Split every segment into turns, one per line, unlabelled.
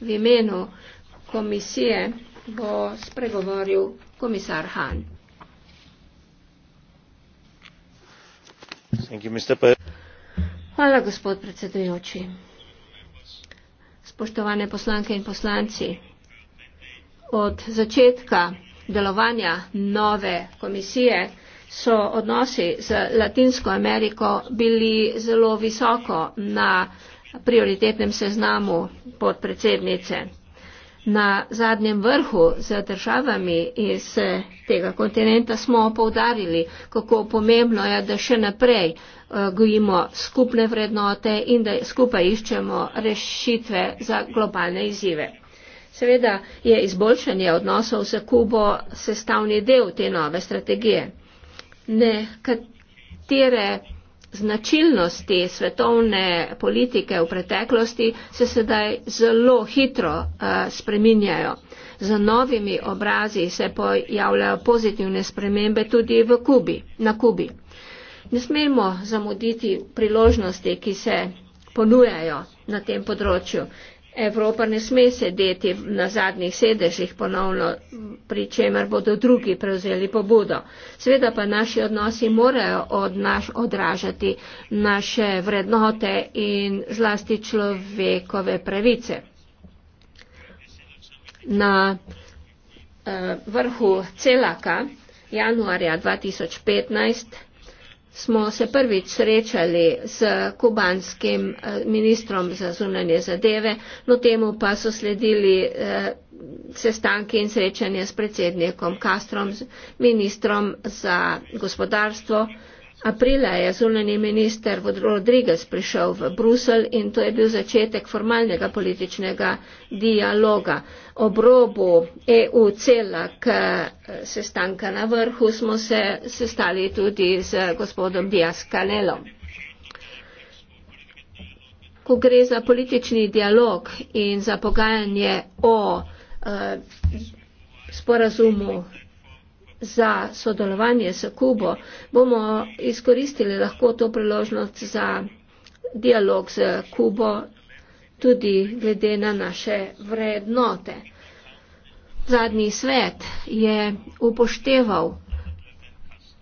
V imenu komisije bo spregovoril komisar Han. Hvala, gospod predsedujoči. Spoštovane poslanke in poslanci, od začetka delovanja nove komisije so odnosi z Latinsko Ameriko bili zelo visoko na prioritetnem seznamu podpredsednice. Na zadnjem vrhu z državami iz tega kontinenta smo povdarili, kako pomembno je, da še naprej eh, gojimo skupne vrednote in da skupaj iščemo rešitve za globalne izzive. Seveda je izboljšanje odnosov z Kubo sestavni del te nove strategije. Nekatere značilnosti svetovne politike v preteklosti se sedaj zelo hitro uh, spreminjajo. Z novimi obrazi se pojavljajo pozitivne spremembe tudi v Kubi, na Kubi. Ne smemo zamuditi priložnosti, ki se ponujajo na tem področju. Evropa ne sme sedeti na zadnjih sedežih ponovno, pri čemer bodo drugi prevzeli pobudo. Sveda pa naši odnosi morajo od naš odražati naše vrednote in zlasti človekove pravice. Na eh, vrhu celaka januarja 2015 smo se prvič srečali z kubanskim eh, ministrom za zunanje zadeve, no temu pa so sledili eh, sestanki in srečanje s predsednikom Kastrom, ministrom za gospodarstvo, Aprila je zunani minister Rodriguez prišel v Bruselj in to je bil začetek formalnega političnega dialoga. Ob robu EU celak eh, sestanka na vrhu smo se sestali tudi z gospodom Dias Kanelom. Ko gre za politični dialog in za pogajanje o eh, sporazumu za sodelovanje s Kubo, bomo izkoristili lahko to priložnost za dialog z Kubo tudi glede na naše vrednote. Zadnji svet je upošteval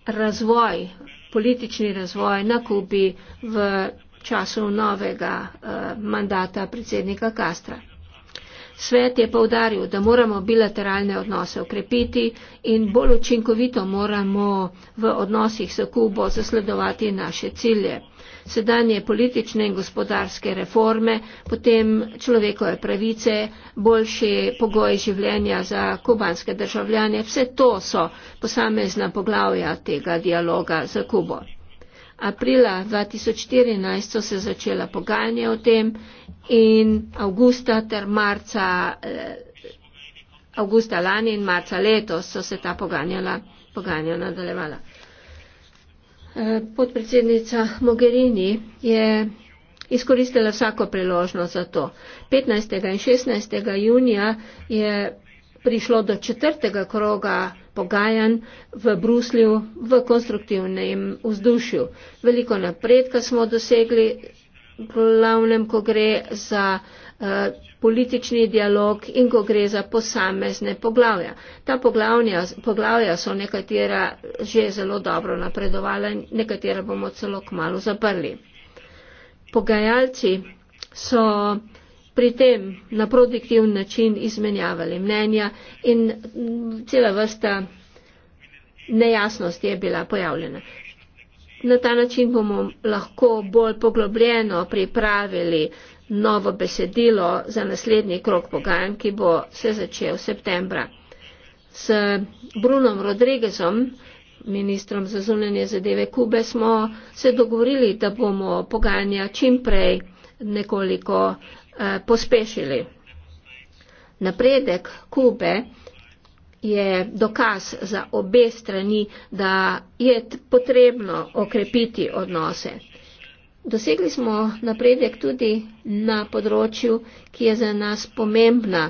razvoj, politični razvoj na Kubi v času novega uh, mandata predsednika Kastra. Svet je povdaril, da moramo bilateralne odnose ukrepiti in bolj učinkovito moramo v odnosih s Kubo zasledovati naše cilje. Sedanje politične in gospodarske reforme, potem človekove pravice, boljši pogoji življenja za kubanske državljane, vse to so posamezna poglavja tega dialoga z Kubo. Aprila 2014 so se začela pogajanja o tem in avgusta ter marca, eh, avgusta lani in marca letos so se ta pogajanja, pogajanja nadaljevala. Eh, podpredsednica Mogherini je izkoristila vsako priložnost za to. 15. in 16. junija je prišlo do četrtega kroga pogajanj v Bruslju v konstruktivnem vzdušju. Veliko napredka smo dosegli, glavnem, ko gre za uh, politični dialog in ko gre za posamezne poglavja. Ta poglavnja, poglavja so nekatera že zelo dobro napredovala in nekatera bomo celo k malu zaprli. Pogajalci so pri tem na produktivni način izmenjavali mnenja in cela vrsta nejasnosti je bila pojavljena. Na ta način bomo lahko bolj poglobljeno pripravili novo besedilo za naslednji krok pogajanj, ki bo se začel v septembra. S Brunom Rodrigezom, ministrom za zunanje zadeve Kube, smo se dogovorili, da bomo pogajanja čimprej nekoliko Eh, pospešili. Napredek Kube je dokaz za obe strani, da je potrebno okrepiti odnose. Dosegli smo napredek tudi na področju, ki je za nas pomembna,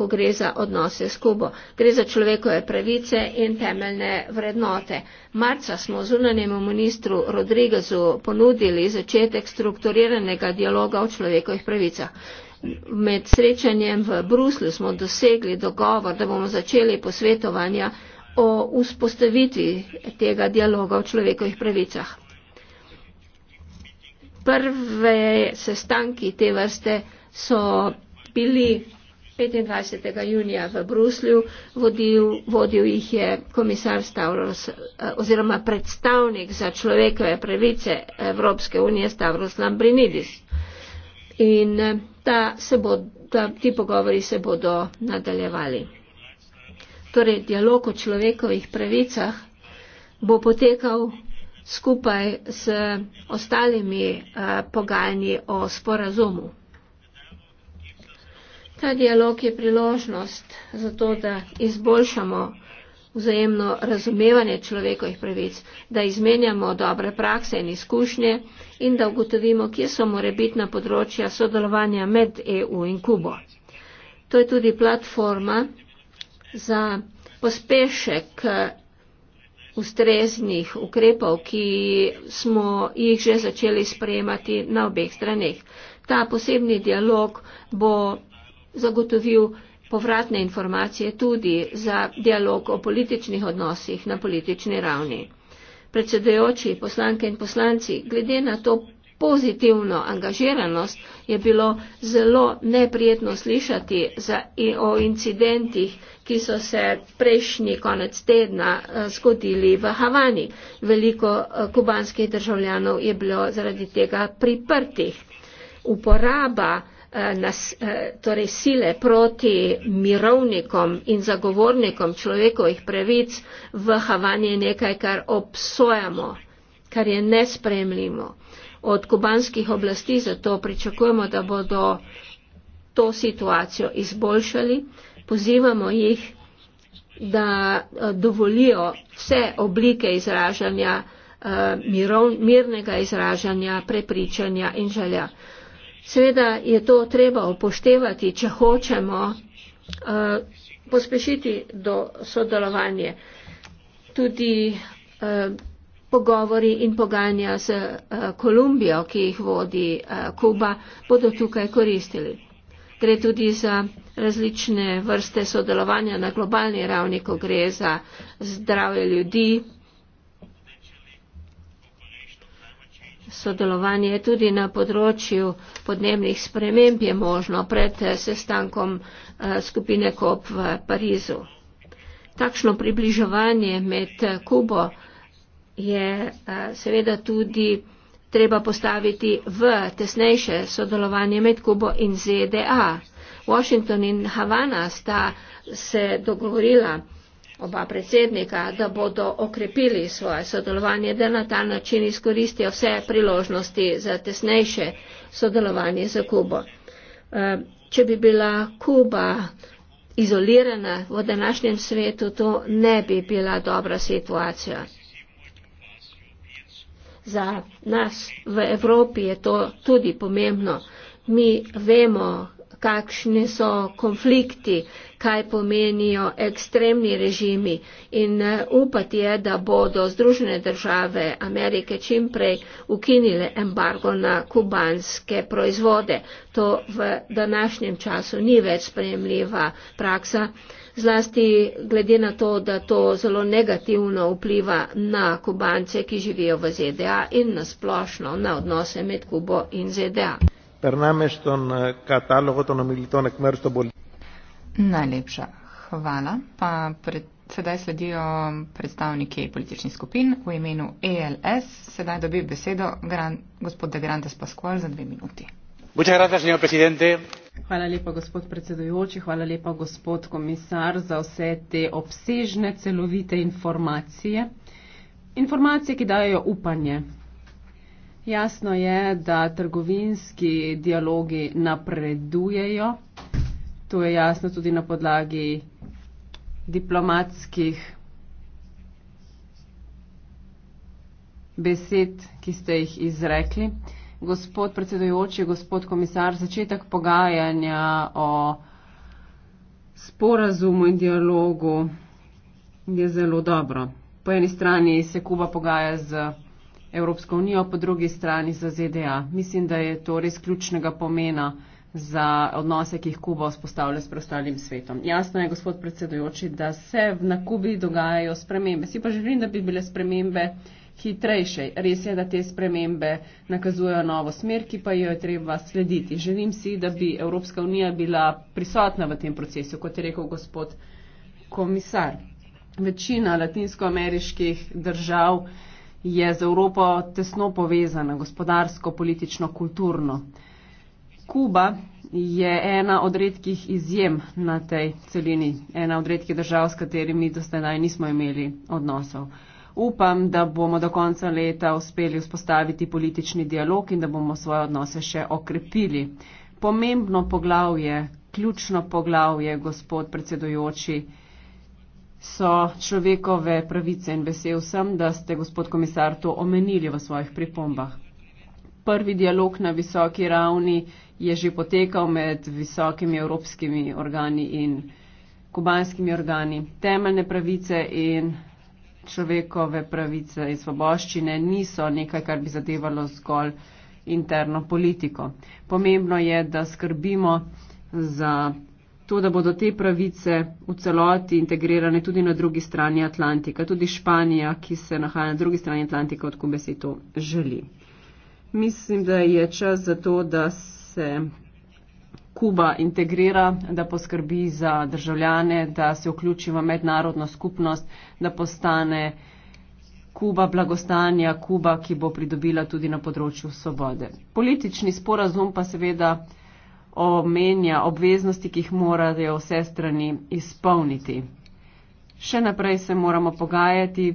ko gre za odnose s Kubo. Gre za človekove pravice in temeljne vrednote. Marca smo zunanjemu ministru Rodriguezu ponudili začetek strukturiranega dialoga o človekovih pravicah. Med srečanjem v Bruslju smo dosegli dogovor, da bomo začeli posvetovanja o vzpostavitvi tega dialoga o človekovih pravicah. Prve sestanki te vrste so bili 25. junija v Bruslju, vodil, vodil jih je komisar Stavros eh, oziroma predstavnik za človekove pravice Evropske unije Stavros Lambrinidis. In eh, ta se bo, ta, ti pogovori se bodo nadaljevali. Torej, dialog o človekovih pravicah bo potekal skupaj s ostalimi a, eh, pogajanji o sporazumu. Ta dialog je priložnost za to, da izboljšamo vzajemno razumevanje človekovih pravic, da izmenjamo dobre prakse in izkušnje in da ugotovimo, kje so morebitna področja sodelovanja med EU in Kubo. To je tudi platforma za pospešek eh, ustreznih ukrepov, ki smo jih že začeli sprejemati na obeh straneh. Ta posebni dialog bo zagotovil povratne informacije tudi za dialog o političnih odnosih na politični ravni. Predsedujoči poslanke in poslanci, glede na to pozitivno angažiranost je bilo zelo neprijetno slišati za, o incidentih, ki so se prejšnji konec tedna eh, zgodili v Havani. Veliko eh, kubanskih državljanov je bilo zaradi tega priprtih. Uporaba Eh, nas, eh, torej sile proti mirovnikom in zagovornikom človekovih pravic v Havani je nekaj, kar obsojamo, kar je nespremljivo. Od kubanskih oblasti zato pričakujemo, da bodo to situacijo izboljšali. Pozivamo jih, da eh, dovolijo vse oblike izražanja, mirovn, mirnega izražanja, prepričanja in želja. Seveda je to treba upoštevati, če hočemo eh, pospešiti do sodelovanje. Tudi eh, pogovori in poganja z eh, Kolumbijo, ki jih vodi Kuba, bodo tukaj koristili. Gre tudi za različne vrste sodelovanja na globalni ravni, ko gre za zdravje ljudi, sodelovanje tudi na področju podnebnih sprememb je možno pred eh, sestankom eh, skupine COP v Parizu. Takšno približevanje med eh, Kubo je seveda tudi treba postaviti v tesnejše sodelovanje med Kubo in ZDA. Washington in Havana sta se dogovorila, oba predsednika, da bodo okrepili svoje sodelovanje, da na ta način izkoristijo vse priložnosti za tesnejše sodelovanje z Kubo. Eh, če bi bila Kuba izolirana v današnjem svetu, to ne bi bila dobra situacija. Za nas v Evropi je to tudi pomembno. Mi vemo, kakšni so konflikti, kaj pomenijo ekstremni režimi in eh, upati je, da bodo Združene države Amerike čimprej ukinile embargo na kubanske proizvode. To v današnjem času ni več sprejemljiva praksa. Zlasti glede na to, da to zelo negativno vpliva na kubance, ki živijo v ZDA in na splošno na odnose med Kubo in ZDA.
Pername,
Najlepša hvala. Pa pred, sedaj sledijo predstavniki političnih skupin v imenu ELS. Sedaj dobi besedo gran, gospod De Grandes Pascual za dve minuti. Hvala lepa, gospod predsedujoči,
hvala lepa, gospod komisar, za vse te obsežne, celovite informacije. Informacije, ki dajo upanje. Jasno je, da trgovinski dialogi napredujejo, To je jasno tudi na podlagi diplomatskih besed, ki ste jih izrekli. Gospod predsedujoči, gospod komisar, začetek pogajanja o sporazumu in dialogu je zelo dobro. Po eni strani se Kuba pogaja z Evropsko unijo, po drugi strani z ZDA. Mislim, da je to res ključnega pomena za odnose, ki jih Kuba vzpostavlja s prostalim svetom. Jasno je, gospod predsedujoči, da se na Kubi dogajajo spremembe. Si pa želim, da bi bile spremembe hitrejše. Res je, da te spremembe nakazujejo novo smer, ki pa jo je treba slediti. Želim si, da bi Evropska unija bila prisotna v tem procesu, kot je rekel gospod komisar. Večina latinskoameriških držav je z Evropo tesno povezana, gospodarsko, politično, kulturno. Kuba je ena od redkih izjem na tej celini, ena od redkih držav, s katerimi do sedaj nismo imeli odnosov. Upam, da bomo do konca leta uspeli vzpostaviti politični dialog in da bomo svoje odnose še okrepili. Pomembno poglavje, ključno poglavje, gospod predsedujoči, so človekove pravice in vesel sem, da ste, gospod komisar, to omenili v svojih pripombah. Prvi dialog na visoki ravni je že potekal med visokimi evropskimi organi in kubanskimi organi. Temeljne pravice in človekove pravice in svoboščine niso nekaj, kar bi zadevalo zgolj interno politiko. Pomembno je, da skrbimo za to, da bodo te pravice v celoti integrirane tudi na drugi strani Atlantika. Tudi Španija, ki se nahaja na drugi strani Atlantika, odkud bi si to želi. Mislim, da je čas za to, da se se Kuba integrira, da poskrbi za državljane, da se vključi v mednarodno skupnost, da postane Kuba blagostanja, Kuba, ki bo pridobila tudi na področju svobode. Politični sporazum pa seveda omenja obveznosti, ki jih morajo vse strani izpolniti. Še naprej se moramo pogajati,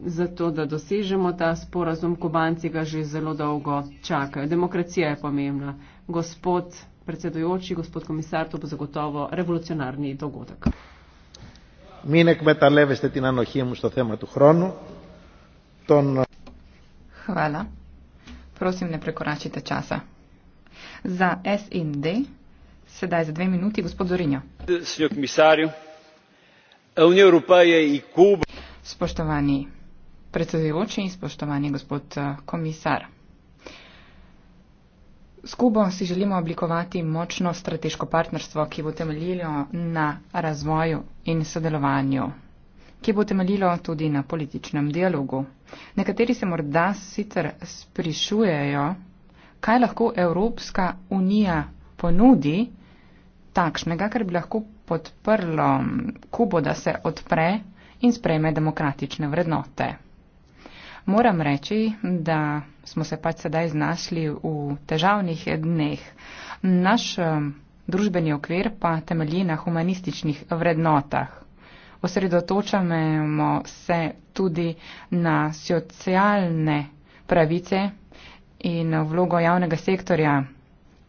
zato, da dosežemo ta sporazum, kubanci ga že zelo dolgo čakajo. Demokracija je pomembna. Gospod predsedujoči, gospod komisar, to bo zagotovo revolucionarni dogodek.
Min ekmetalevete tin anohijem što tema tu hronu. Ton...
Hvala. Prosim, ne prekoračite časa. Za SND, sedaj za dve minuti, gospod Zorinjo.
Svjo komisarju, Unija Evropa je i Kuba.
Spoštovani predsedujoči in spoštovani gospod eh, komisar. S Kubom si želimo oblikovati močno strateško partnerstvo, ki bo temeljilo na razvoju in sodelovanju, ki bo temeljilo tudi na političnem dialogu. Nekateri se morda sicer sprišujejo, kaj lahko Evropska unija ponudi takšnega, kar bi lahko podprlo Kubo, da se odpre in sprejme demokratične vrednote. Moram reči, da smo se pač sedaj znašli v težavnih dneh. Naš družbeni okvir pa temelji na humanističnih vrednotah. Osredotočamo se tudi na socialne pravice in vlogo javnega sektorja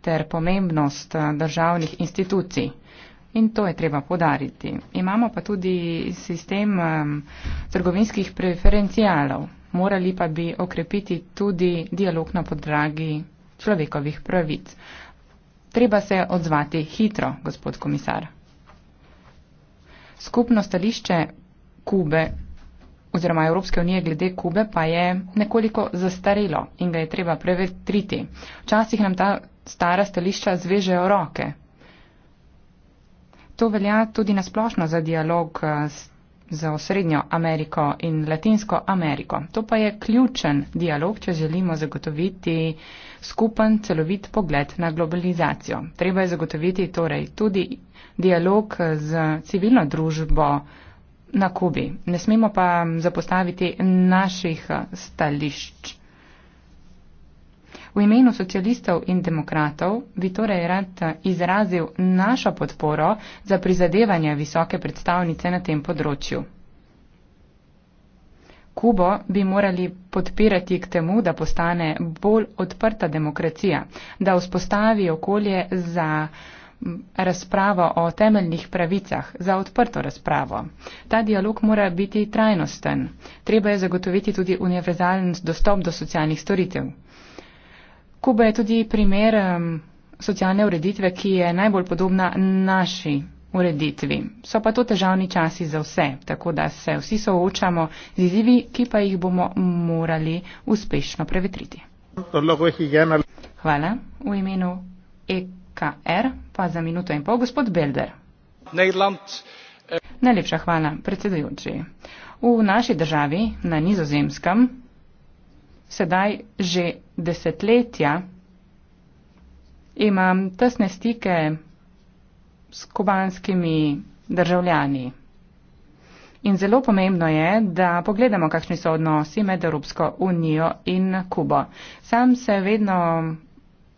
ter pomembnost eh, državnih institucij. In to je treba podariti. Imamo pa tudi sistem trgovinskih preferencijalov morali pa bi okrepiti tudi dialog na podragi človekovih pravic. Treba se odzvati hitro, gospod komisar. Skupno stališče Kube oziroma Evropske unije glede Kube pa je nekoliko zastarelo in ga je treba prevetriti. Včasih nam ta stara stališča zvežejo roke. To velja tudi nasplošno za dialog eh, s za Osrednjo Ameriko in Latinsko Ameriko. To pa je ključen dialog, če želimo zagotoviti skupen celovit pogled na globalizacijo. Treba je zagotoviti torej tudi dialog z civilno družbo na Kubi. Ne smemo pa zapostaviti naših stališč. V imenu socialistov in demokratov bi torej rad eh, izrazil našo podporo za prizadevanje visoke predstavnice na tem področju. Kubo bi morali podpirati k temu, da postane bolj odprta demokracija, da vzpostavi okolje za razpravo o temeljnih pravicah, za odprto razpravo. Ta dialog mora biti trajnosten. Treba je zagotoviti tudi univerzalen dostop do socialnih storitev, Kuba je tudi primer um, socialne ureditve, ki je najbolj podobna naši ureditvi. So pa to težavni časi za vse, tako da se vsi soočamo z izzivi, ki pa jih bomo morali uspešno prevetriti. Hvala v imenu EKR, pa za minuto in pol gospod Belder. Eh, Najlepša hvala, predsedujoči. V naši državi, na nizozemskem, sedaj že desetletja imam tesne stike s kubanskimi državljani. In zelo pomembno je, da pogledamo, kakšni so odnosi med Evropsko unijo in Kubo. Sam se vedno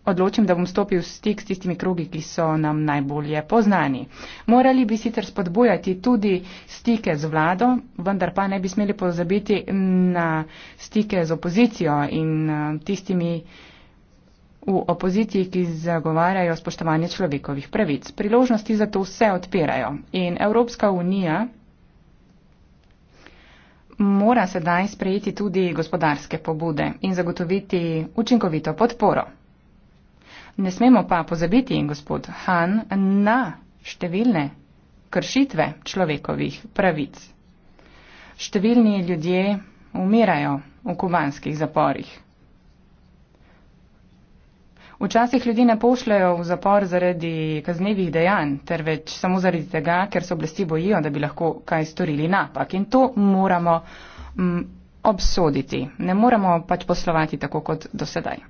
odločim, da bom stopil v stik s tistimi krogi, ki so nam najbolje poznani. Morali bi sicer spodbujati tudi stike z vlado, vendar pa ne bi smeli pozabiti na stike z opozicijo in eh, tistimi v opoziciji, ki zagovarjajo spoštovanje človekovih pravic. Priložnosti za to vse odpirajo in Evropska unija mora sedaj sprejeti tudi gospodarske pobude in zagotoviti učinkovito podporo. Ne smemo pa pozabiti, gospod Han, na številne kršitve človekovih pravic. Številni ljudje umirajo v kubanskih zaporih. Včasih ljudi ne pošljajo v zapor zaradi kaznevih dejanj, ter več samo zaradi tega, ker se oblasti bojijo, da bi lahko kaj storili napak. In to moramo m, mm, obsoditi. Ne moramo pač poslovati tako kot do sedaj.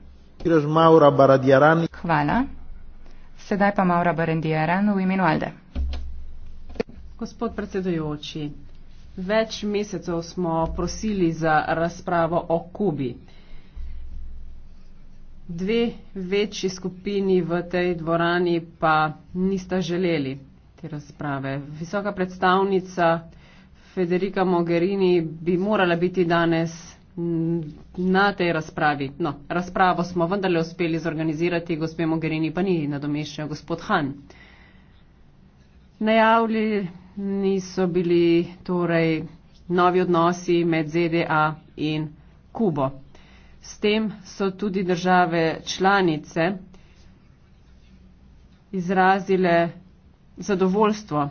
Kiraž Maura Baradjaran.
Hvala. Sedaj pa Maura Barendjaran v imenu Alde.
Gospod predsedujoči, več mesecev smo prosili za razpravo o Kubi. Dve večji skupini v tej dvorani pa nista želeli te razprave. Visoka predstavnica Federica Mogherini bi morala biti danes na tej razpravi. No, razpravo smo vendarle uspeli zorganizirati, gospe Mogherini pa ni nadomešal gospod Han. Najavljeni so bili torej novi odnosi med ZDA in Kubo. S tem so tudi države članice izrazile zadovoljstvo.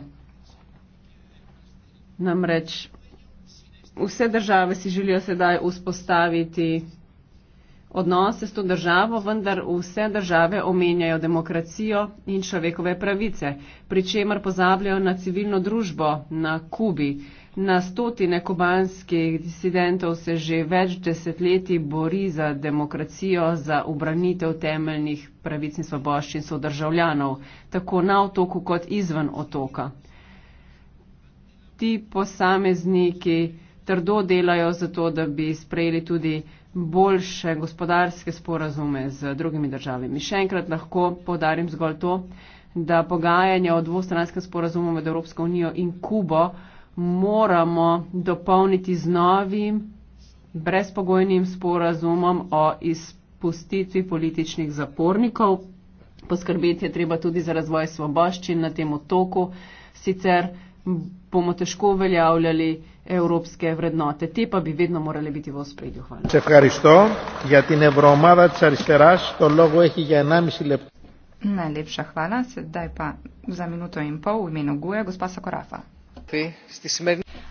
Namreč vse države si želijo sedaj vzpostaviti odnose s to državo, vendar vse države omenjajo demokracijo in človekove pravice, pri čemer pozabljajo na civilno družbo na Kubi. Na stotine kubanskih disidentov se že več desetletij bori za demokracijo, za obranitev temeljnih pravic in svoboščin so državljanov, tako na otoku kot izven otoka. Ti posamezniki trdo delajo za to, da bi sprejeli tudi boljše gospodarske sporazume z drugimi državami. Še enkrat lahko podarim zgolj to, da pogajanja o dvostranskem sporazumu med Evropsko unijo in Kubo moramo dopolniti z novim brezpogojnim sporazumom o izpustitvi političnih zapornikov. Poskrbeti je treba tudi za razvoj svoboščin na tem otoku, sicer bomo težko uveljavljali evropske vrednote.
Te pa bi vedno morale biti v ospredju. Ja Najlepša hvala. Sedaj pa za minuto in pol v imenu Guja, gospa Sakorafa.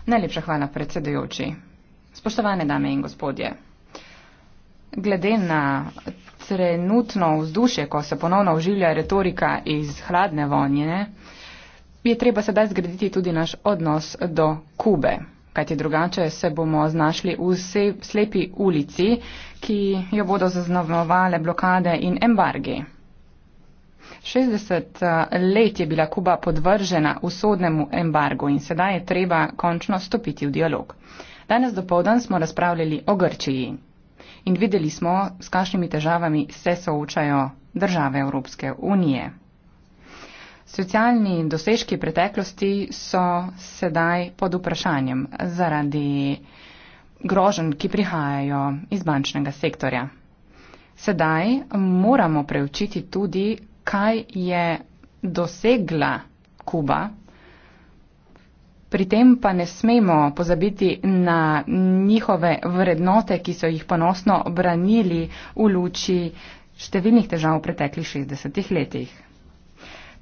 Najlepša hvala, predsedujoči. Spoštovane dame in gospodje. Glede na trenutno vzdušje, ko se ponovno oživlja retorika iz hladne vojne, je treba sedaj zgraditi tudi naš odnos do Kube kajti drugače se bomo znašli v slepi ulici, ki jo bodo zaznamovale blokade in embargi. 60 eh, let je bila Kuba podvržena usodnemu embargu in sedaj je treba končno stopiti v dialog. Danes dopoledan smo razpravljali o Grčiji in videli smo, s kakšnimi težavami se soočajo države Evropske unije. Socialni dosežki preteklosti so sedaj pod vprašanjem zaradi groženj, ki prihajajo iz bančnega sektorja. Sedaj moramo preučiti tudi, kaj je dosegla Kuba, pri tem pa ne smemo pozabiti na njihove vrednote, ki so jih ponosno obranili v luči številnih težav v preteklih 60 letih.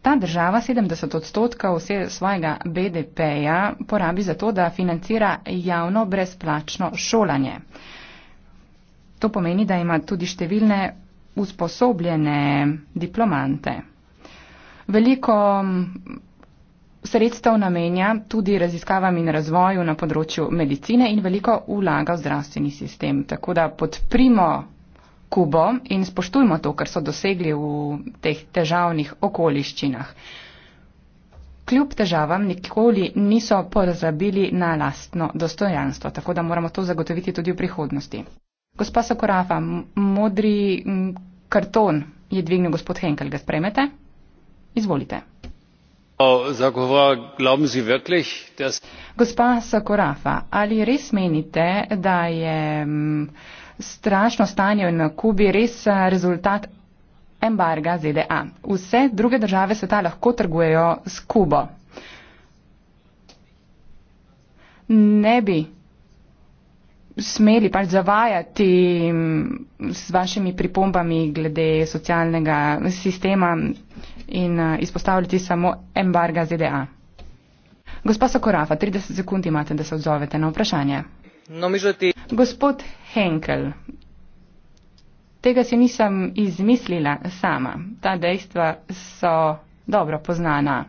Ta država 70 odstotkov vse svojega BDP-ja porabi za to, da financira javno brezplačno šolanje. To pomeni, da ima tudi številne usposobljene diplomante. Veliko mm, sredstev namenja tudi raziskavam in razvoju na področju medicine in veliko vlaga v zdravstveni sistem. Tako da podprimo Kubo in spoštujmo to, kar so dosegli v teh težavnih okoliščinah. Kljub težavam nikoli niso pozabili na lastno dostojanstvo, tako da moramo to zagotoviti tudi v prihodnosti. Gospa Sokorafa, modri karton je dvignil gospod Henkel, ga spremete? Izvolite gospa sakorafa ali res menite da je mm, strašno stanje na kubi res eh, rezultat embarga zda vse druge države sveta lahko trgujejo s kubo ne bi smeli pač zavajati s mm, vašimi pripombami glede socialnega sistema in eh, izpostavljati samo embarga ZDA. Gospa Sokorafa, 30 sekund imate, da se odzovete na vprašanje. No, mižati. Gospod Henkel, tega si nisem izmislila sama. Ta dejstva so dobro poznana.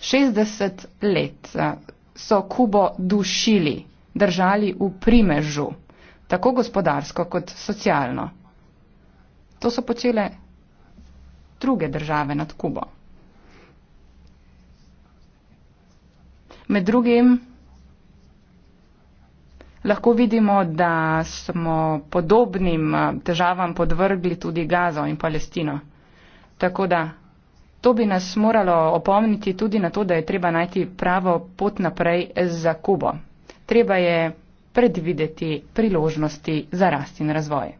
60 let eh, so Kubo dušili držali v primežu, tako gospodarsko kot socialno. To so počele druge države nad Kubo. Med drugim lahko vidimo, da smo podobnim eh, težavam podvrgli tudi Gazo in Palestino. Tako da to bi nas moralo opomniti tudi na to, da je treba najti pravo pot naprej za Kubo treba je predvideti priložnosti za rast in razvoj.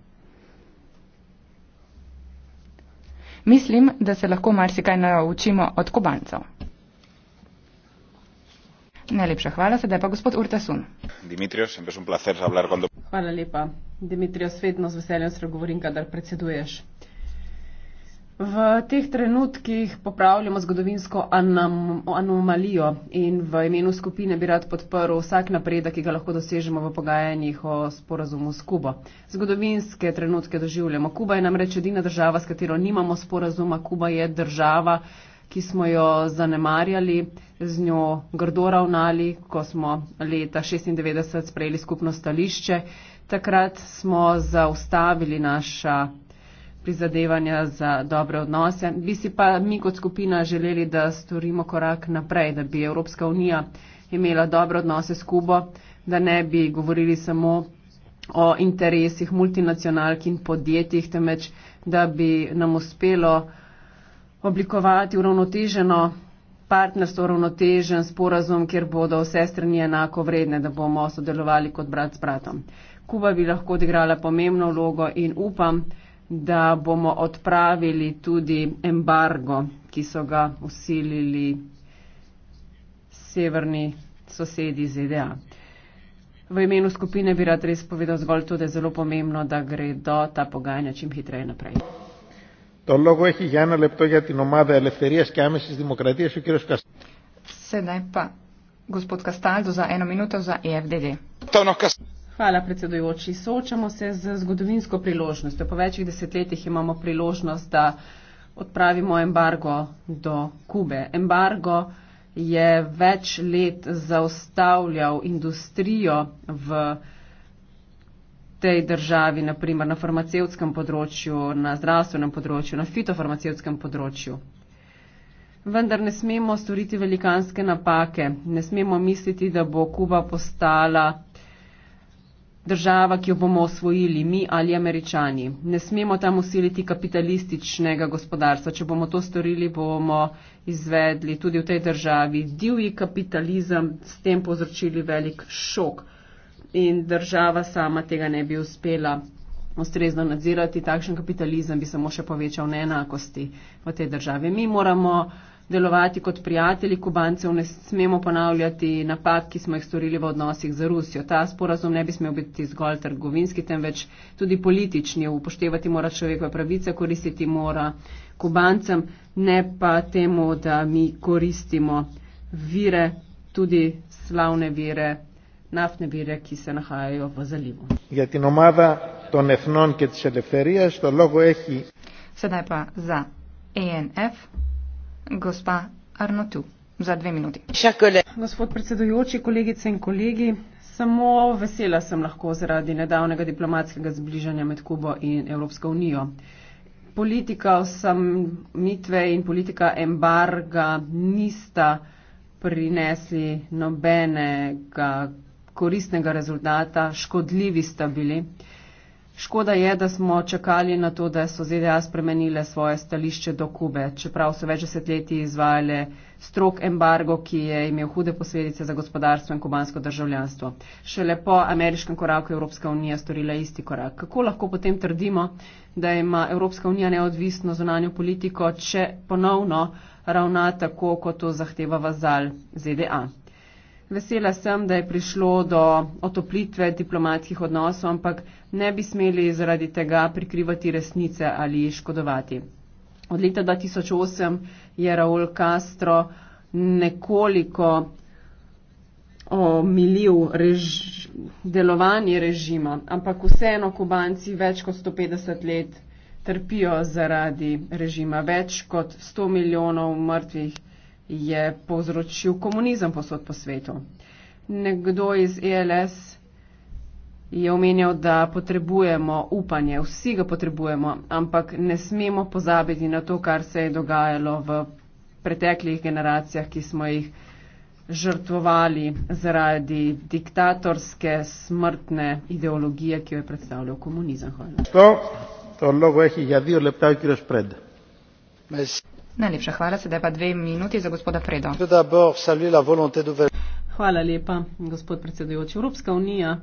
Mislim, da se lahko marsikaj naučimo od kobancev. Najlepša hvala, sedaj pa gospod Urtasun.
Dimitrios, sem pa že v placer, da bom govoril.
Hvala lepa. Dimitrios, vedno z veseljem se govorim, kadar predseduješ. V teh trenutkih popravljamo zgodovinsko anom anomalijo in v imenu skupine bi rad podporil vsak napredek, ki ga lahko dosežemo v pogajanjih o sporazumu s Kubo. Zgodovinske trenutke doživljamo. Kuba je namreč edina država, s katero nimamo sporazuma. Kuba je država, ki smo jo zanemarjali, z njo grdo ravnali, ko smo leta 96 sprejeli skupno stališče. Takrat smo zaustavili naša prizadevanja za dobre odnose. Bi si pa mi kot skupina želeli, da storimo korak naprej, da bi Evropska unija imela dobre odnose s Kubo, da ne bi govorili samo o interesih multinacionalk in podjetjih, temveč da bi nam uspelo oblikovati uravnoteženo partnerstvo, uravnotežen sporazum, kjer bodo vse strani enako vredne, da bomo sodelovali kot brat s bratom. Kuba bi lahko odigrala pomembno vlogo in upam, da bomo odpravili tudi embargo, ki so ga usilili severni sosedi ZDA. V imenu skupine bi rad res povedal zgolj to, da je zelo pomembno, da gre do ta pogajanja čim hitreje naprej.
Sedaj pa gospod Kastaldo za eno minuto za EFDD.
Hvala, predsedujoči. Soočamo se z zgodovinsko priložnostjo. Po večjih desetletjih imamo priložnost, da odpravimo embargo do Kube. Embargo je več let zaustavljal industrijo v tej državi, naprimer na farmacevskem področju, na zdravstvenem področju, na fitofarmacevskem področju. Vendar ne smemo storiti velikanske napake, ne smemo misliti, da bo Kuba postala država, ki jo bomo osvojili mi ali američani. Ne smemo tam usiliti kapitalističnega gospodarstva. Če bomo to storili, bomo izvedli tudi v tej državi divji kapitalizem, s tem povzročili velik šok. In država sama tega ne bi uspela ustrezno nadzirati. Takšen kapitalizem bi samo še povečal neenakosti v tej državi. Mi moramo delovati kot prijatelji kubancev, ne smemo ponavljati napad, ki smo jih storili v odnosih z Rusijo. Ta sporazum ne bi smel biti zgolj trgovinski, temveč tudi politični. Upoštevati mora človekove pravice, koristiti mora kubancem, ne pa temu, da mi koristimo vire, tudi slavne vire, naftne vire, ki se nahajajo v zalivu.
Sedaj pa za ENF gospa Arnotu za dve minuti. Gospod predsedujoči, kolegice in kolegi, samo vesela sem
lahko zaradi nedavnega diplomatskega zbližanja med Kubo in Evropsko unijo. Politika osamitve in politika embarga nista prinesli nobenega koristnega rezultata, škodljivi sta bili. Uh, Škoda je, da smo čakali na to, da so ZDA spremenile svoje stališče do Kube, čeprav so več desetletij izvajale strok embargo, ki je imel hude posledice za gospodarstvo in kubansko državljanstvo. Šele po ameriškem koraku je Evropska unija storila isti korak. Kako lahko potem trdimo, da ima Evropska unija neodvisno zunanjo politiko, če ponovno ravna tako, kot to zahteva vazal ZDA? Vesela sem, da je prišlo do otoplitve diplomatskih odnosov, ampak ne bi smeli zaradi tega prikrivati resnice ali škodovati. Od leta 2008 je Raul Castro nekoliko omilil rež, delovanje režima, ampak vseeno kubanci več kot 150 let trpijo zaradi režima. Več kot 100 milijonov mrtvih je povzročil komunizem posod po svetu. Nekdo iz ELS je omenjal, da potrebujemo upanje, vsi ga potrebujemo, ampak ne smemo pozabiti na to, kar se je dogajalo v preteklih generacijah, ki smo jih žrtvovali zaradi diktatorske smrtne ideologije, ki jo je predstavljal komunizem.
Hvala.
Najlepša hvala, sedaj pa dve minuti za gospoda Fredo.
Hvala lepa, gospod predsedujoči. Evropska unija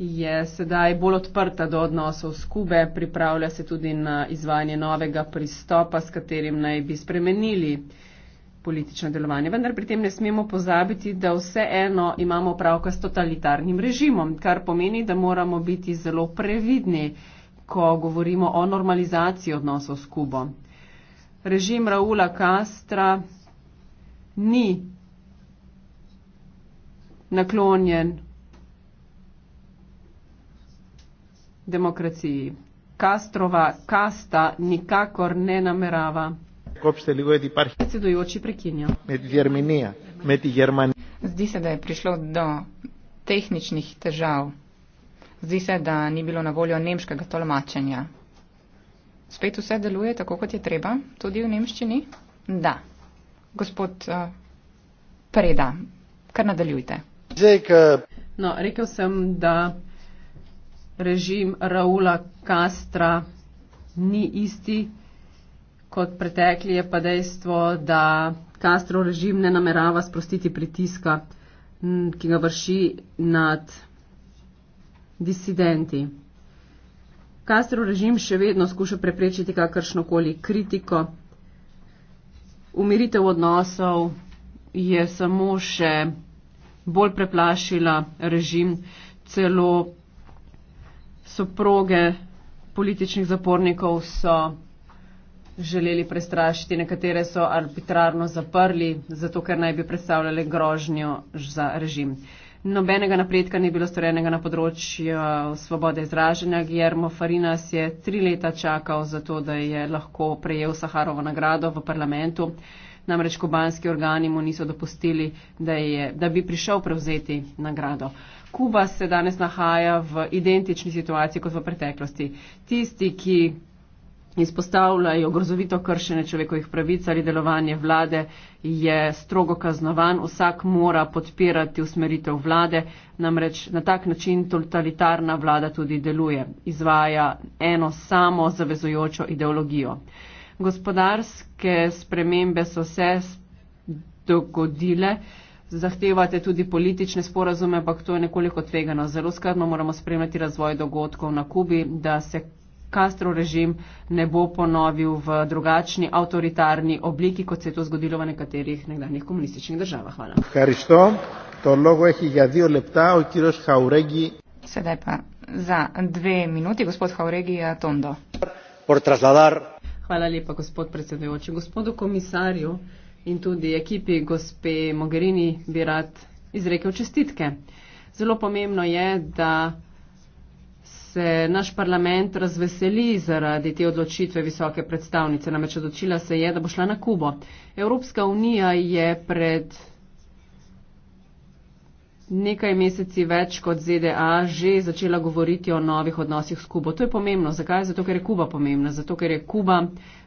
je sedaj bolj odprta do odnosov s Kube, pripravlja se tudi na izvajanje novega pristopa, s katerim naj bi spremenili politično delovanje. Vendar pri tem ne smemo pozabiti, da vseeno imamo pravka s totalitarnim režimom, kar pomeni, da moramo biti zelo previdni, ko govorimo o normalizaciji odnosov s Kubo. Režim Raula Castra ni naklonjen demokraciji. Kastrova kasta
nikakor ne namerava. Predsedujoči prekinjo. Zdi se, da je prišlo do tehničnih težav. Zdi se, da ni bilo na voljo nemškega tolmačenja. Spet vse deluje tako, kot je treba, tudi v nemščini? Da. Gospod uh, Preda, kar nadaljujte. No, rekel sem, da
režim Raula Castra ni isti kot pretekli, je pa dejstvo, da Castro režim ne namerava sprostiti pritiska, ki ga vrši nad disidenti. Castro režim še vedno skuša preprečiti kakršnokoli kritiko. Umiritev odnosov je samo še bolj preplašila režim, celo soproge političnih zapornikov so želeli prestrašiti, nekatere so arbitrarno zaprli, zato ker naj bi predstavljali grožnjo za režim. Nobenega napredka ni bilo storjenega na področju uh, svobode izražanja. Guillermo Farinas je tri leta čakal za to, da je lahko prejel Saharovo nagrado v parlamentu. Namreč kubanski organi mu niso dopustili, da, je, da bi prišel prevzeti nagrado. Uh, Kuba se danes nahaja v identični situaciji kot v preteklosti. Tisti, ki izpostavljajo grozovito kršene človekovih pravic ali delovanje vlade, je strogo kaznovan. Vsak mora podpirati usmeritev vlade, namreč na tak način totalitarna vlada tudi deluje, izvaja eno samo zavezujočo ideologijo. Gospodarske spremembe so se dogodile. Uh, zahtevate tudi politične sporazume, ampak to je nekoliko tvegano. Zelo skrbno moramo spremljati razvoj dogodkov na Kubi, da se Castro režim ne bo ponovil v drugačni avtoritarni obliki, kot se je to zgodilo v nekaterih nekdanjih komunističnih
državah. Hvala. Sedaj pa za dve minuti, gospod Hauregi eh, Tondo. Hvala lepa, gospod predsedujoči. Gospodu komisarju in tudi ekipi gospe
Mogherini bi rad izrekel čestitke. Zelo pomembno je, da se naš parlament razveseli zaradi te odločitve visoke predstavnice. Namreč odločila se je, da bo šla na Kubo. Evropska unija je pred nekaj meseci več kot ZDA že začela govoriti o novih odnosih s Kubo. To je pomembno. Zakaj? Zato, ker je Kuba pomembna. Zato, ker je Kuba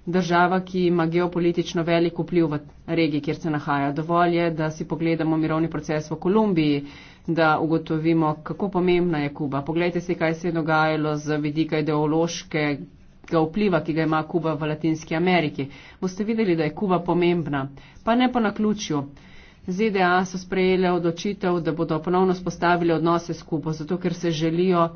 država, ki ima geopolitično velik vpliv v regiji, kjer se nahaja. Dovolj je, da si pogledamo mirovni proces v Kolumbiji, da ugotovimo, kako pomembna je Kuba. Poglejte si, kaj se je dogajalo z vidika ideološkega vpliva, ki ga ima Kuba v Latinski Ameriki. Boste videli, da je Kuba pomembna. Pa ne po naključju. ZDA so sprejele odločitev, da bodo ponovno spostavili odnose s Kubo, zato ker se želijo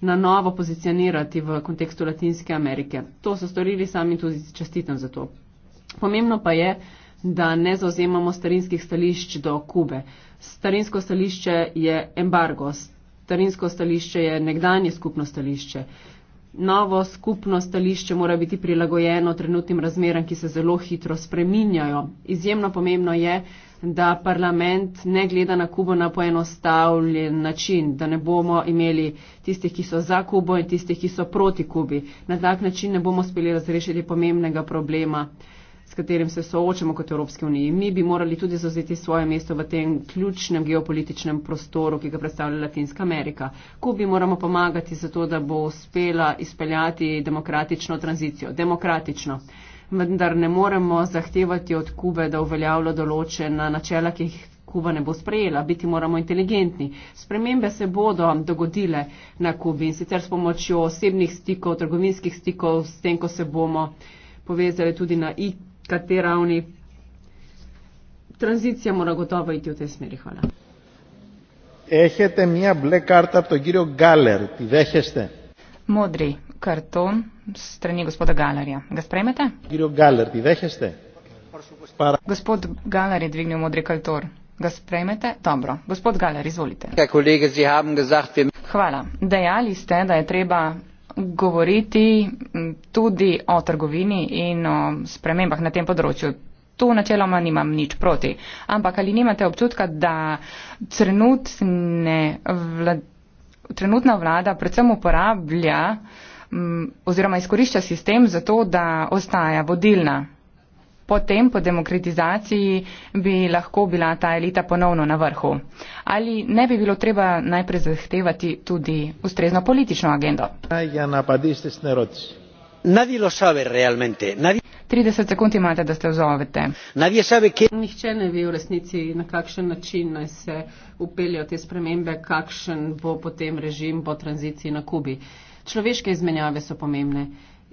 na novo pozicionirati v kontekstu Latinske Amerike. To so storili sami tudi čestitam za to. Pomembno pa je, da ne zauzemamo starinskih stališč do Kube. Starinsko stališče je embargo, starinsko stališče je nekdanje skupno stališče. Novo skupno stališče mora biti prilagojeno trenutnim razmeram, ki se zelo hitro spreminjajo. Izjemno pomembno je, da parlament ne gleda na Kubo na poenostavljen način, da ne bomo imeli tistih, ki so za Kubo in tistih, ki so proti Kubi. Na tak način ne bomo speli razrešiti pomembnega problema, s katerim se soočamo kot Evropske unije. Mi bi morali tudi zauzeti svoje mesto v tem ključnem geopolitičnem prostoru, ki ga predstavlja Latinska Amerika. Kubi moramo pomagati za to, da bo uspela izpeljati demokratično tranzicijo. Demokratično vendar ne moremo zahtevati od Kube, da uveljavlja določena načela, ki jih Kuba ne bo sprejela. Biti moramo inteligentni. Spremembe se bodo dogodile na Kubi in sicer s pomočjo osebnih stikov, trgovinskih stikov, s tem, ko se bomo povezali tudi na IKT ravni. Tranzicija mora gotovo iti v tej smeri. Hvala.
Ehete mija ble karta to giro galer, ti vehešte.
Modri karton strani gospoda Galarja. Ga sprejmete? Galer, gospod Galar je dvignil modri karton. Ga sprejmete? Dobro. Gospod Galar, izvolite.
Ja, Hvala.
Dejali ste, da je treba govoriti tudi o trgovini in o spremembah na tem področju. Tu načeloma nimam nič proti. Ampak ali nimate občutka, da trenutne vla, trenutna vlada predvsem uporablja uh, Mm, oziroma izkorišča sistem za to, da ostaja vodilna. Potem, po demokratizaciji, bi lahko bila ta elita ponovno na vrhu. Ali ne bi bilo treba najprej zahtevati tudi ustrezno politično agendo? 30 sekund imate, da ste vzovete. Nihče ne ve v resnici,
na kakšen način naj se upeljajo te spremembe, kakšen bo potem režim po tranziciji na Kubi. Uh, človeške izmenjave so pomembne.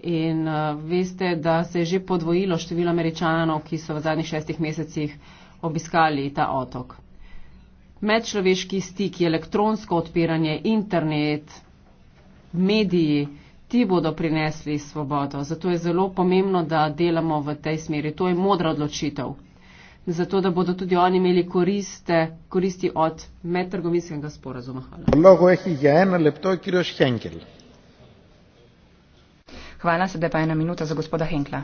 In uh, veste, da se je že podvojilo število američanov, ki so v zadnjih šestih mesecih obiskali ta otok. Medčloveški stik, elektronsko odpiranje, internet, mediji, ti bodo prinesli svobodo. Zato je zelo pomembno, da delamo v tej smeri. To je modra odločitev. Zato, da bodo tudi oni imeli koriste, koristi od medtrgovinskega sporazuma. Hvala.
Hvala, sedaj pa ena minuta za gospoda Henkla.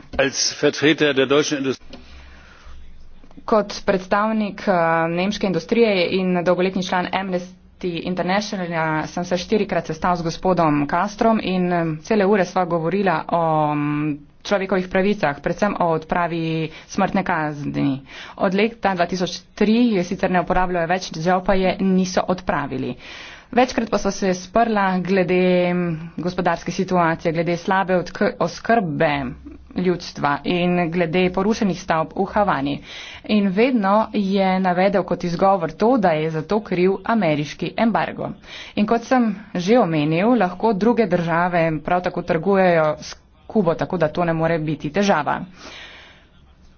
Kot predstavnik eh, nemške industrije in dolgoletni član Amnesty International sem se štirikrat sestal s gospodom Kastrom in eh, cele ure sva govorila o mm, človekovih pravicah, predvsem o odpravi smrtne kazni. Od leta 2003 jo sicer ne uporabljajo več, žal pa je niso odpravili. Uh, Večkrat pa so se sprla glede gospodarske situacije, glede slabe oskrbe ljudstva in glede porušenih stavb v Havani. In vedno je navedel kot izgovor to, da je za to kriv ameriški embargo. In kot sem že omenil, lahko druge države prav tako trgujejo s Kubo, tako da to ne more biti težava. Uh,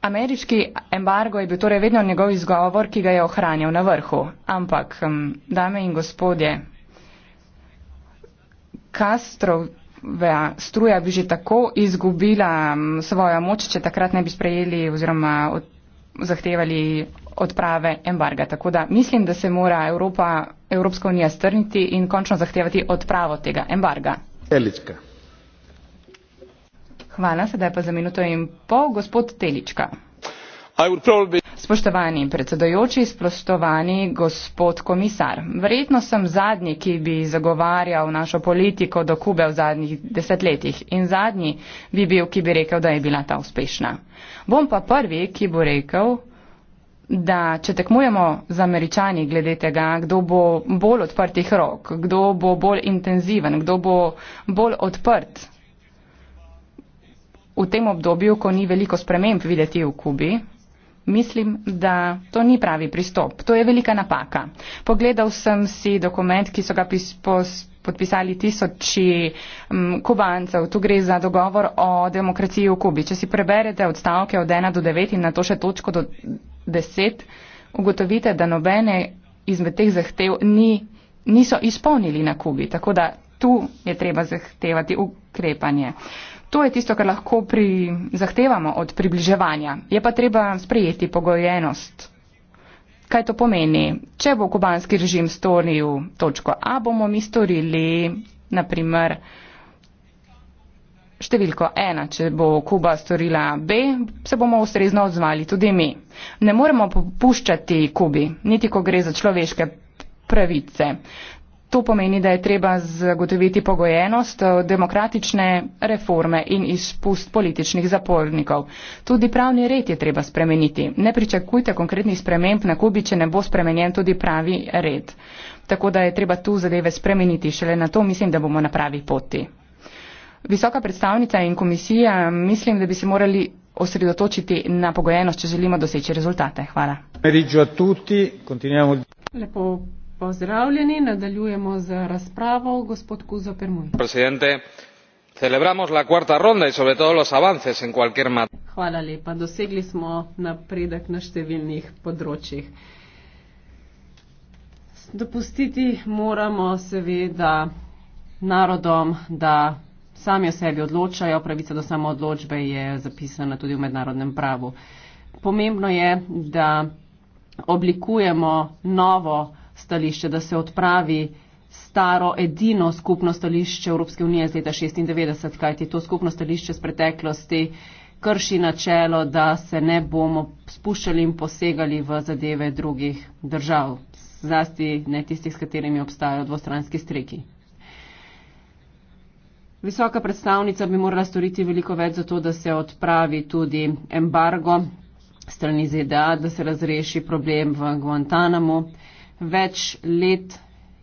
Ameriški embargo je bil torej vedno njegov izgovor, ki ga je ohranjal na vrhu. Ampak, dame in gospodje, Kastroveja struja bi že tako izgubila svojo moč, če takrat ne bi sprejeli oziroma od, zahtevali odprave embarga. Tako da mislim, da se mora Evropa, Evropska unija strniti in končno zahtevati odpravo tega embarga. Elička. Hvala, sedaj pa za minuto in pol, gospod Telička. Spoštovani predsedojoči, spoštovani gospod komisar, verjetno sem zadnji, ki bi zagovarjal našo politiko do Kube v zadnjih desetletjih in zadnji bi bil, ki bi rekel, da je bila ta uspešna. Bom pa prvi, ki bo rekel, da če tekmujemo z američani glede tega, kdo bo bolj odprtih rok, kdo bo bolj intenziven, kdo bo bolj odprt v tem obdobju, ko ni veliko sprememb videti v Kubi, mislim, da to ni pravi pristop. To je velika napaka. Pogledal sem si dokument, ki so ga podpisali tisoči um, kubancev. Tu gre za dogovor o demokraciji v Kubi. Če si preberete odstavke od 1 do 9 in na to še točko do 10, ugotovite, da nobene izmed teh zahtev ni, niso izpolnili na Kubi. Tako da tu je treba zahtevati ukrepanje. Uh, To je tisto, kar lahko pri, zahtevamo od približevanja. Je pa treba sprejeti pogojenost. Kaj to pomeni? Če bo kubanski režim storil točko A, bomo mi storili naprimer številko ena. Če bo Kuba storila B, se bomo ustrezno odzvali tudi mi. Ne moremo popuščati Kubi, niti ko gre za človeške pravice. To pomeni, da je treba zagotoviti pogojenost eh, demokratične reforme in izpust političnih zapornikov. Tudi pravni red je treba spremeniti. Ne pričakujte konkretnih sprememb na Kubi, če ne bo spremenjen tudi pravi red. Tako da je treba tu zadeve spremeniti. Šele na to mislim, da bomo na pravi poti. Visoka predstavnica in komisija mislim, da bi se morali osredotočiti na pogojenost, če želimo doseči rezultate. Hvala.
Lepo Pozdravljeni, nadaljujemo z razpravo. Gospod Kuzo Permuj. Hvala lepa. Dosegli smo napredek na številnih področjih. Dopustiti moramo seveda narodom, da sami o sebi odločajo. Pravica do samoodločbe je zapisana tudi v mednarodnem pravu. Pomembno je, da oblikujemo novo stališče, da se odpravi staro edino skupno stališče Evropske unije iz leta 1996, kajti to skupno stališče z preteklosti krši načelo, da se ne bomo spuščali in posegali v zadeve drugih držav, zlasti ne tistih, s katerimi obstajajo dvostranski streki. Visoka predstavnica bi morala storiti veliko več za to, da se odpravi tudi embargo strani ZDA, da se razreši problem v Guantanamo več let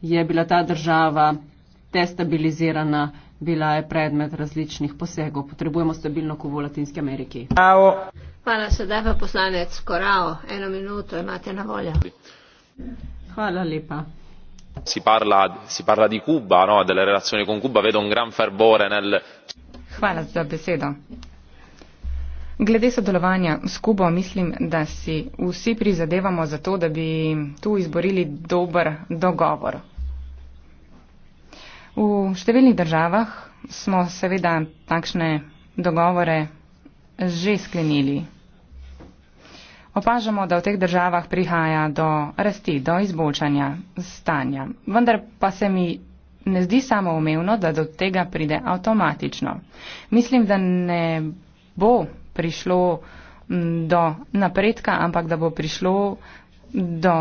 je bila ta država destabilizirana, bila je predmet različnih posegov. Potrebujemo stabilno kovo v Latinski Ameriki. Bravo.
Hvala, sedaj pa poslanec Korao. Eno minuto imate na voljo. Hvala lepa.
Si parla, si parla di Cuba, no? delle relazioni con Cuba, vedo un gran fervore nel.
Hvala za besedo. Glede sodelovanja s Kubo mislim, da si vsi prizadevamo za to, da bi tu izborili dober dogovor. V številnih državah smo seveda takšne dogovore že sklenili. Opažamo, da v teh državah prihaja do rasti, do izboljšanja stanja. Vendar pa se mi ne zdi samoumevno, da do tega pride avtomatično. Mislim, da ne bo prišlo mm, do napredka, ampak da bo prišlo do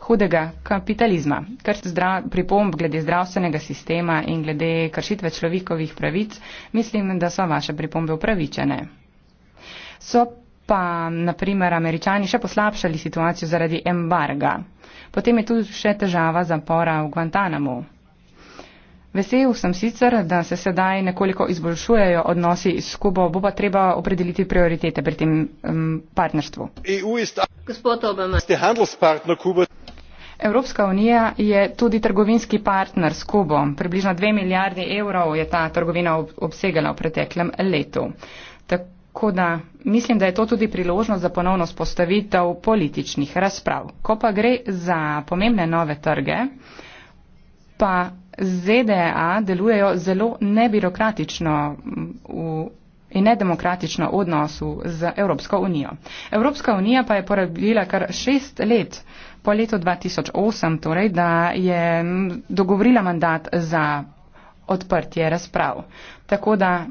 hudega kapitalizma. Kar zdrav, pripomb glede zdravstvenega sistema in glede kršitve človekovih pravic, mislim, da so vaše pripombe upravičene. So pa, naprimer, američani še poslabšali situacijo zaradi embarga. Potem je tu še težava zapora v Guantanamo. Vesel sem sicer, da se sedaj nekoliko izboljšujejo odnosi s Kubo, bo pa treba opredeliti prioritete pri tem um, partnerstvu. E Evropska unija je tudi trgovinski partner s Kubo. Približno 2 milijardi evrov je ta trgovina obsegala v preteklem letu. Tako da mislim, da je to tudi priložnost za ponovno spostavitev političnih razprav. Ko pa gre za pomembne nove trge, pa ZDA delujejo zelo nebirokratično v in nedemokratično v odnosu z Evropsko unijo. Evropska unija pa je porabila kar šest let po letu 2008, torej, da je dogovorila mandat za odprtje razprav. Tako da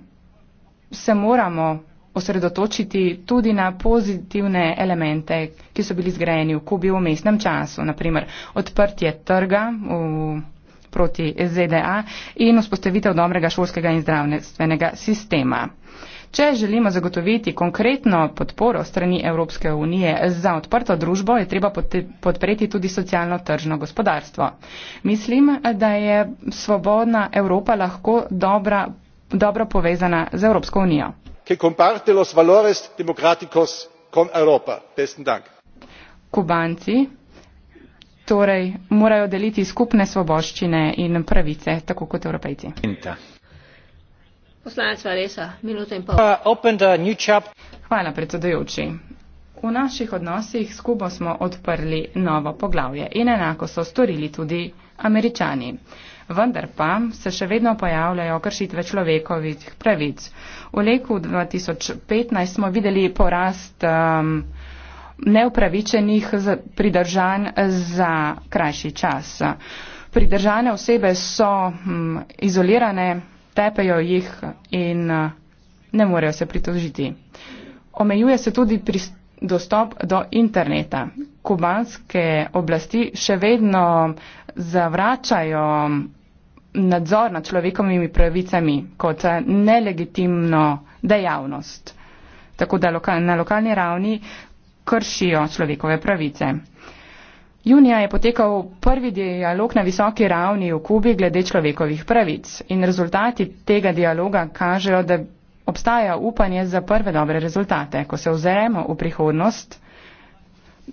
se moramo osredotočiti tudi na pozitivne elemente, ki so bili zgrajeni v Kubi v mestnem času, naprimer odprtje trga v proti ZDA in vzpostavitev dobrega šolskega in zdravstvenega sistema. Če želimo zagotoviti konkretno podporo strani Evropske unije za odprto družbo, je treba podpreti tudi socialno tržno gospodarstvo. Mislim, da je svobodna Evropa lahko dobra, dobro povezana z Evropsko unijo. Kubanci torej morajo deliti skupne svoboščine in pravice, tako kot evropejci.
Poslanec Varesa, minuto in pol. Uh,
Hvala, predsedujoči. V naših odnosih s Kubo smo odprli novo poglavje in enako so storili tudi američani. Vendar pa se še vedno pojavljajo kršitve človekovih pravic. V leku 2015 smo videli porast. Um, neupravičenih pridržanj za krajši čas. Pridržane osebe so m, hm, izolirane, tepejo jih in ne morejo se pritožiti. Omejuje se tudi dostop do interneta. Kubanske oblasti še vedno zavračajo nadzor nad človekovimi pravicami kot nelegitimno dejavnost. Tako da na lokalni ravni kršijo človekove pravice. Junija je potekal prvi dialog na visoki ravni v Kubi glede človekovih pravic in rezultati tega dialoga kažejo, da obstaja upanje za prve dobre rezultate. Ko se ozeremo v prihodnost,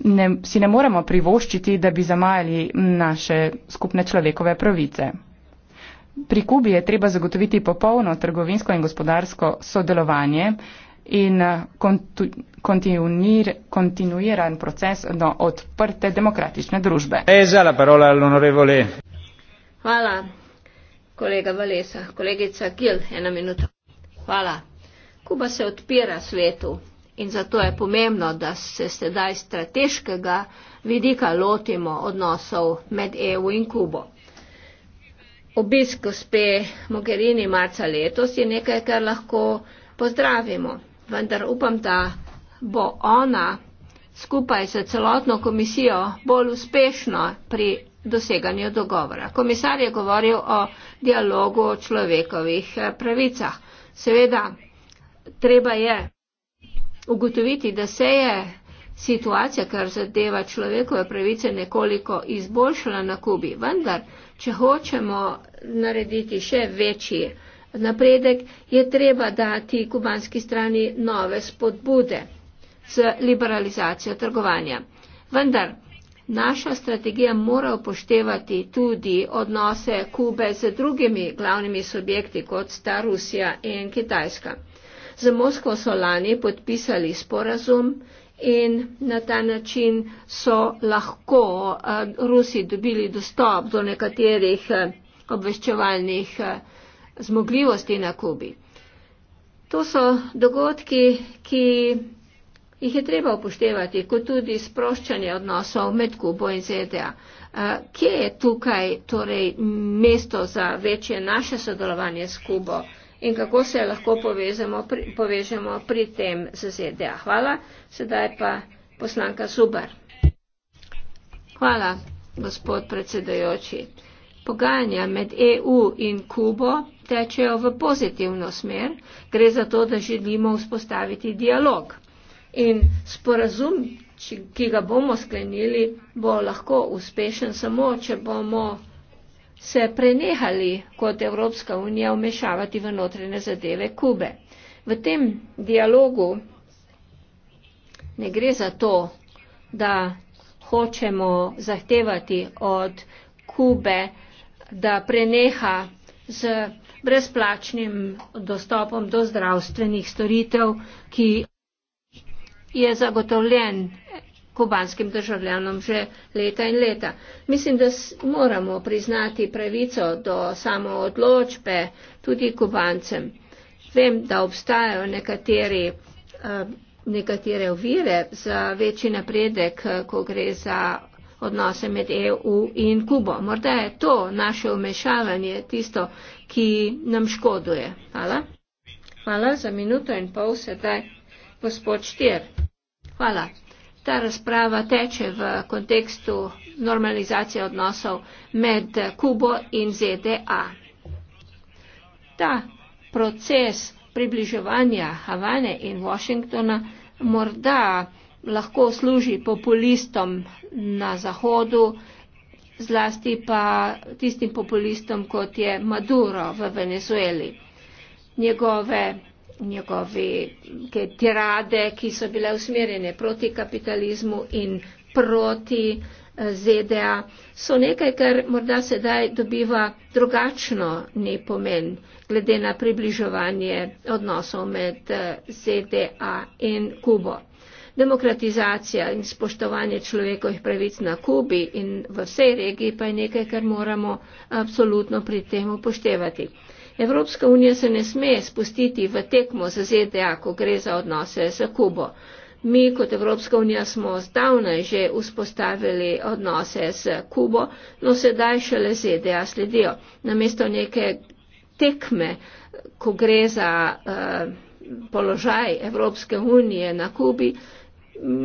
ne, si ne moremo privoščiti, da bi zamajali naše skupne človekove pravice. Pri Kubi je treba zagotoviti popolno trgovinsko in gospodarsko sodelovanje, in eh, kontu, kontinuir, kontinuiran proces do odprte demokratične družbe.
E,
Hvala, kolega Valesa. Kolegica Gil, ena minuta. Hvala. Kuba se odpira svetu in zato je pomembno, da se sedaj strateškega vidika lotimo odnosov med EU in Kubo. Obisk gospe Mogherini marca letos je nekaj, kar lahko pozdravimo vendar upam, da bo ona skupaj s celotno komisijo bolj uspešna pri doseganju dogovora. Komisar je govoril o dialogu o človekovih eh, pravicah. Seveda, treba je ugotoviti, da se je situacija, kar zadeva človekove pravice, nekoliko izboljšala na Kubi. Vendar, če hočemo narediti še večji napredek, je treba dati kubanski strani nove spodbude z liberalizacijo trgovanja. Vendar naša strategija mora upoštevati tudi odnose Kube z drugimi glavnimi subjekti, kot sta Rusija in Kitajska. Z Moskvo so lani podpisali sporazum in na ta način so lahko eh, Rusi dobili dostop do nekaterih eh, obveščevalnih eh, zmogljivosti na Kubi. To so dogodki, ki jih je treba upoštevati, kot tudi sproščanje odnosov med Kubo in ZDA. Kje je tukaj torej mesto za večje naše sodelovanje s Kubo in kako se lahko povežemo pri, povežemo pri tem z ZDA? Hvala. Sedaj pa poslanka Zubar. Hvala, gospod predsedajoči. Pogajanja med EU in Kubo tečejo v pozitivno smer, gre za to, da želimo vzpostaviti dialog. In sporazum, ki ga bomo sklenili, bo lahko uspešen samo, če bomo se prenehali kot Evropska unija vmešavati v notrene zadeve Kube. V tem dialogu ne gre za to, da hočemo zahtevati od Kube, da preneha z brezplačnim dostopom do zdravstvenih storitev, ki je zagotovljen kubanskim državljanom že leta in leta. Mislim, da moramo priznati pravico do samoodločbe tudi kubancem. Vem, da obstajajo nekateri, eh, nekatere ovire za večji napredek, ko gre za odnose med EU in Kubo. Morda je to naše umešavanje tisto, ki nam škoduje. Hvala. Hvala za minuto in pol sedaj, gospod Štir. Hvala. Ta razprava teče v kontekstu normalizacije odnosov med Kubo in ZDA. Ta proces približevanja Havane in Washingtona morda lahko služi populistom na Zahodu, zlasti pa tistim populistom, kot je Maduro v Venezueli. Njegove, njegove tirade, ki so bile usmerjene proti kapitalizmu in proti eh, ZDA, so nekaj, kar morda sedaj dobiva drugačno ne pomen, glede na približovanje odnosov med eh, ZDA in Kubo. Demokratizacija in spoštovanje človekovih pravic na Kubi in v vsej regiji pa je nekaj, kar moramo absolutno pri tem upoštevati. Evropska unija se ne sme spustiti v tekmo za ZDA, ko gre za odnose z Kubo. Mi kot Evropska unija smo zdavnaj že vzpostavili odnose z Kubo, no sedaj šele ZDA sledijo. Namesto neke tekme, ko gre za uh, položaj Evropske unije na Kubi, uh,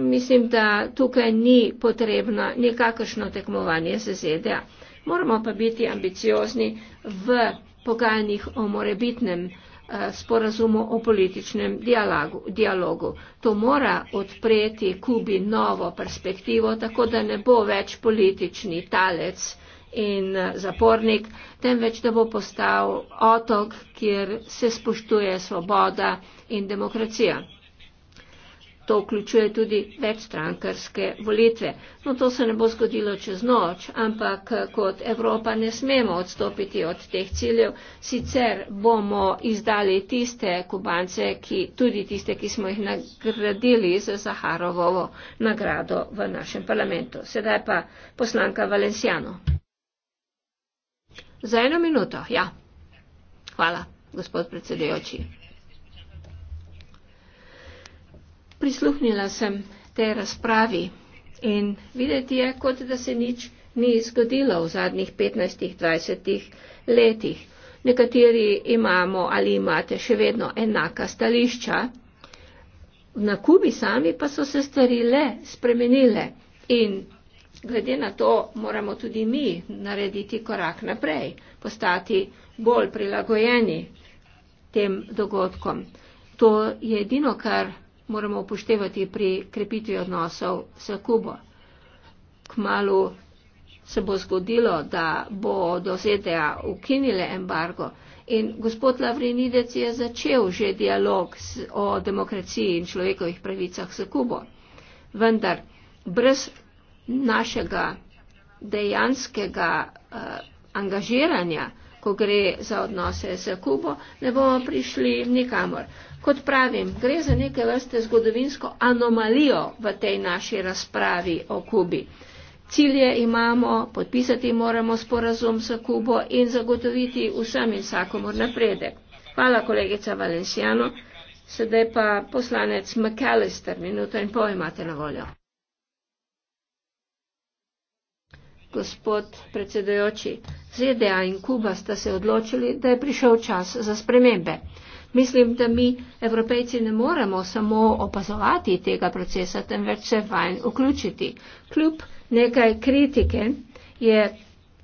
mislim, da tukaj ni potrebno nikakršno tekmovanje z ZDA. Moramo pa biti ambiciozni v pogajanjih o morebitnem eh, sporazumu o političnem dialogu, dialogu. To mora odpreti Kubi novo perspektivo, tako da ne bo več politični talec in eh, zapornik, temveč da bo postal otok, kjer se spoštuje svoboda in demokracija. To vključuje tudi večstrankarske volitve. No, to se ne bo zgodilo čez noč, ampak kot Evropa ne smemo odstopiti od teh ciljev. Sicer bomo izdali tiste kubance, ki, tudi tiste, ki smo jih nagradili za Zaharovovo nagrado v našem parlamentu. Sedaj pa poslanka Valencijano. Za eno minuto, ja. Hvala, gospod predsedujoči. Prisluhnila sem tej razpravi in videti je, kot da se nič ni zgodilo v zadnjih 15-20 letih. Nekateri imamo ali imate še vedno enaka stališča, na Kubi sami pa so se stvari le spremenile in glede na to moramo tudi mi narediti korak naprej, postati bolj prilagojeni tem dogodkom. To je edino, kar moramo upoštevati pri krepitvi odnosov s Kubo. Kmalo se bo zgodilo, da bo do ZDA ukinile embargo in gospod Lavrinidec je začel že dialog o demokraciji in človekovih pravicah s Kubo. Vendar brez našega dejanskega uh, angažiranja, ko gre za odnose s Kubo, ne bomo prišli nikamor. Kot pravim, gre za neke vrste zgodovinsko anomalijo v tej naši razpravi o Kubi. Cilje imamo, podpisati moramo sporazum s Kubo in zagotoviti vsem in vsakomor napredek. Hvala, kolegica Valenciano. Sedaj pa poslanec McAllister, minuto in pol imate na voljo. Gospod predsedojoči, ZDA in Kuba sta se odločili, da je prišel čas za spremembe. Mislim, da mi, evropejci, ne moremo samo opazovati tega procesa, temveč se vanj vključiti. Kljub nekaj kritike je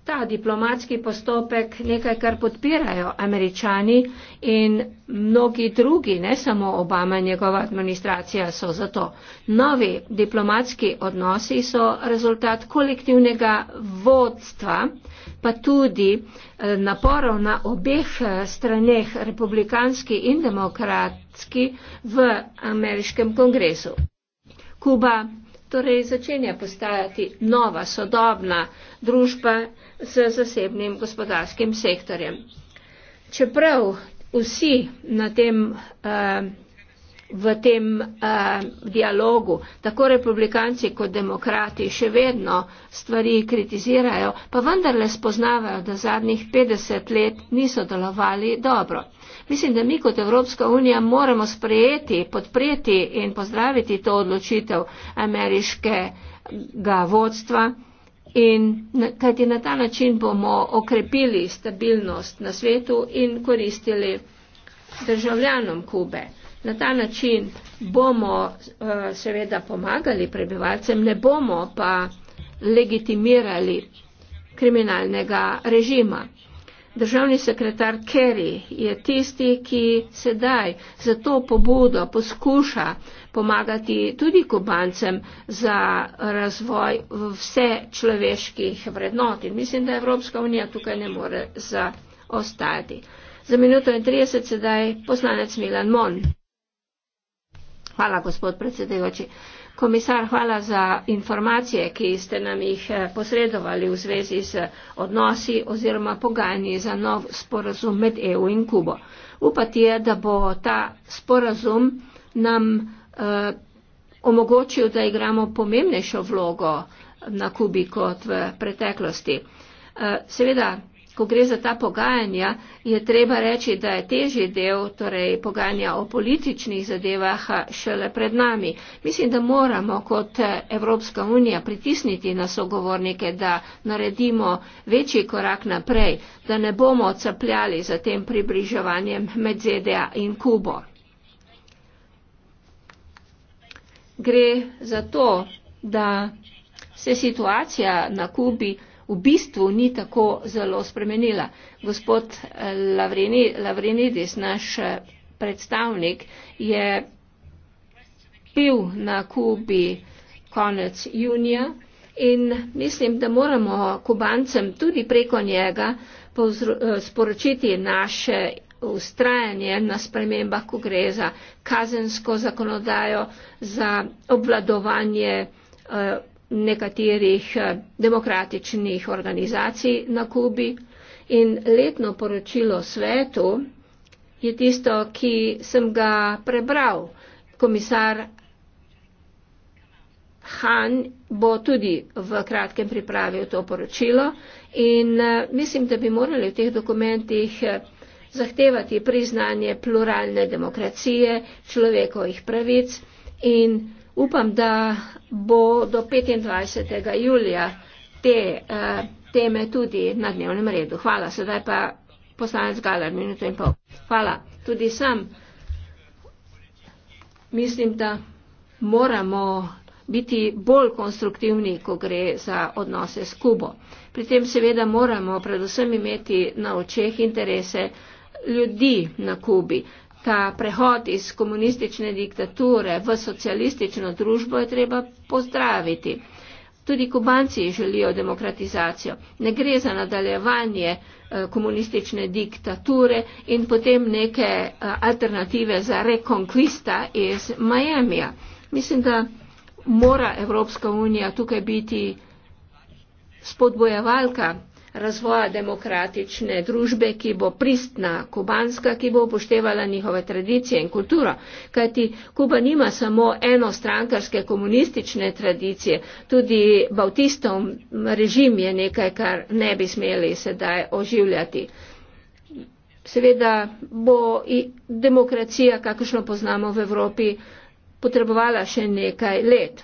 ta diplomatski postopek nekaj, kar podpirajo američani in mnogi drugi, ne samo Obama in njegova administracija so za to. Novi diplomatski odnosi so rezultat kolektivnega vodstva, pa tudi eh, naporov na obeh eh, straneh, republikanski in demokratski, v ameriškem kongresu. Kuba torej začenja postajati nova sodobna družba z zasebnim gospodarskim sektorjem. Čeprav vsi na tem, eh, v tem eh, dialogu, tako republikanci kot demokrati, še vedno stvari kritizirajo, pa vendarle spoznavajo, da zadnjih 50 let niso delovali dobro. Mislim, da mi kot Evropska unija moramo sprejeti, podpreti in pozdraviti to odločitev ameriškega vodstva. In kajti na ta način bomo okrepili stabilnost na svetu in koristili državljanom Kube. Na ta način bomo eh, seveda pomagali prebivalcem, ne bomo pa legitimirali kriminalnega režima državni sekretar Kerry je tisti, ki sedaj za to pobudo poskuša pomagati tudi kubancem za razvoj vse človeških vrednot. In mislim, da Evropska unija tukaj ne more zaostati. Za minuto in 30 sedaj poslanec Milan Mon. Hvala, gospod predsedujoči. Komisar, hvala za informacije, ki ste nam jih eh, posredovali v zvezi z odnosi oziroma pogajanji za nov sporazum med EU in Kubo. Upati je, da bo ta sporazum nam eh, omogočil, da igramo pomembnejšo vlogo na Kubi kot v preteklosti. Eh, seveda, ko gre za ta pogajanja, je treba reči, da je težji del, torej pogajanja o političnih zadevah, šele pred nami. Mislim, da moramo kot Evropska unija pritisniti na sogovornike, da naredimo večji korak naprej, da ne bomo odcapljali za tem približevanjem med ZDA in Kubo. Gre za to, da se situacija na Kubi v bistvu ni tako zelo spremenila. Gospod eh, Lavreni, Lavrenidis, naš eh, predstavnik, je bil na Kubi konec junija in mislim, da moramo kubancem tudi preko njega eh, sporočiti naše ustrajanje na spremembah, ko gre za kazensko zakonodajo, za obvladovanje nekaterih eh, demokratičnih organizacij na Kubi in letno poročilo svetu je tisto, ki sem ga prebral. Komisar Han bo tudi v kratkem pripravil to poročilo in eh, mislim, da bi morali v teh dokumentih eh, zahtevati priznanje pluralne demokracije, človekovih pravic in Upam, da bo do 25. julija te uh, teme tudi na dnevnem redu. Hvala, sedaj pa poslanec Galar, minuto in pol. Hvala, tudi sam mislim, da moramo biti bolj konstruktivni, ko gre za odnose s Kubo. Pri tem seveda moramo predvsem imeti na očeh interese ljudi na Kubi ta prehod iz komunistične diktature v socialistično družbo je treba pozdraviti. Tudi kubanci želijo demokratizacijo. Ne gre za nadaljevanje eh, komunistične diktature in potem neke eh, alternative za rekonkvista iz Miamija. Mislim, da mora Evropska unija tukaj biti spodbojevalka razvoja demokratične družbe, ki bo pristna, kubanska, ki bo upoštevala njihove tradicije in kulturo. Kajti Kuba nima samo eno strankarske komunistične tradicije, tudi bautistov režim je nekaj, kar ne bi smeli sedaj oživljati. Seveda bo demokracija, kakšno poznamo v Evropi, potrebovala še nekaj let.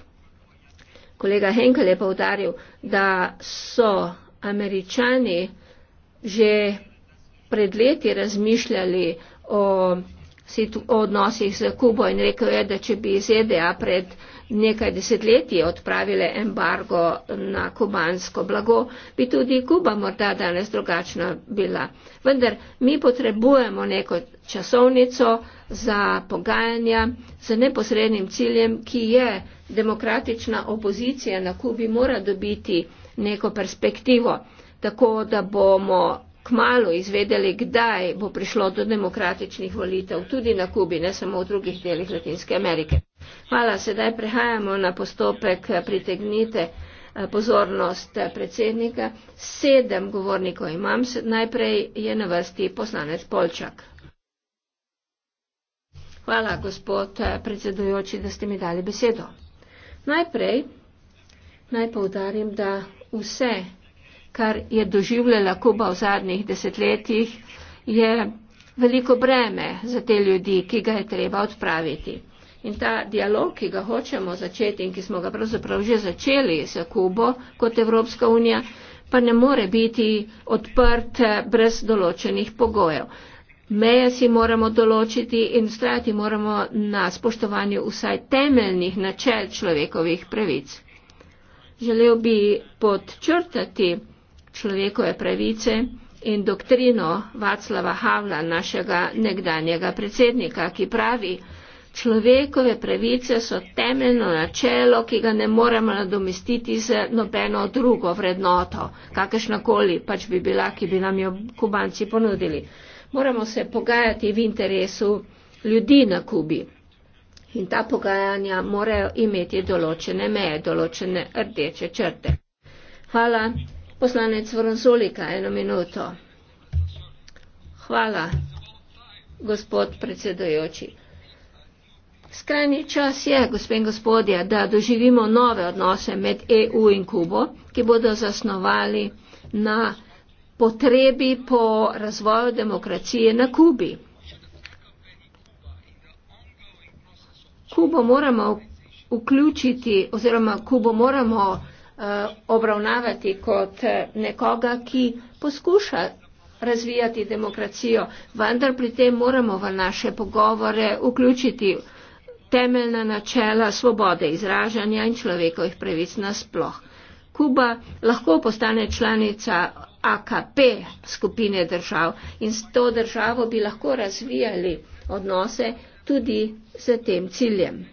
Kolega Henkel je poudaril, da so američani že pred leti razmišljali o, o odnosih z Kubo in rekel je, da če bi ZDA pred nekaj desetletji odpravile embargo na kubansko blago, bi tudi Kuba morda danes drugačna bila. Vendar mi potrebujemo neko časovnico za pogajanja z neposrednim ciljem, ki je demokratična opozicija na Kubi mora dobiti neko perspektivo, tako da bomo kmalo izvedeli, kdaj bo prišlo do demokratičnih volitev tudi na Kubi, ne samo v drugih delih Latinske Amerike. Hvala, sedaj prehajamo na postopek eh, pritegnite eh, pozornost eh, predsednika. Sedem govornikov imam, najprej je na vrsti poslanec Polčak. Hvala, gospod predsedujoči, da ste mi dali besedo. Najprej naj poudarim, da vse, kar je doživljala Kuba v zadnjih desetletjih, je veliko breme za te ljudi, ki ga je treba odpraviti. In ta dialog, ki ga hočemo začeti in ki smo ga pravzaprav že začeli za Kubo kot Evropska unija, pa ne more biti odprt brez določenih pogojev. Meje si moramo določiti in strati moramo na spoštovanju vsaj temeljnih načel človekovih pravic. Želel bi podčrtati človekove pravice in doktrino Vaclava Havla, našega nekdanjega predsednika, ki pravi, človekove pravice so temeljno načelo, ki ga ne moremo nadomestiti z nobeno drugo vrednoto, kakršnakoli pač bi bila, ki bi nam jo kubanci ponudili. Moramo se pogajati v interesu ljudi na Kubi. In ta pogajanja morajo imeti določene meje, določene rdeče črte. Hvala. Poslanec Vronzulika, eno minuto. Hvala, gospod predsedojoči. Skrajni čas je, gospod in gospodje, da doživimo nove odnose med EU in Kubo, ki bodo zasnovali na potrebi po razvoju demokracije na Kubi. Kubo moramo vključiti oziroma Kubo moramo eh, obravnavati kot eh, nekoga, ki poskuša razvijati demokracijo, vendar pri tem moramo v naše pogovore vključiti temeljna načela svobode izražanja in človekovih pravic nasploh. Kuba lahko postane članica AKP skupine držav in s to državo bi lahko razvijali odnose, tudi z tem ciljem.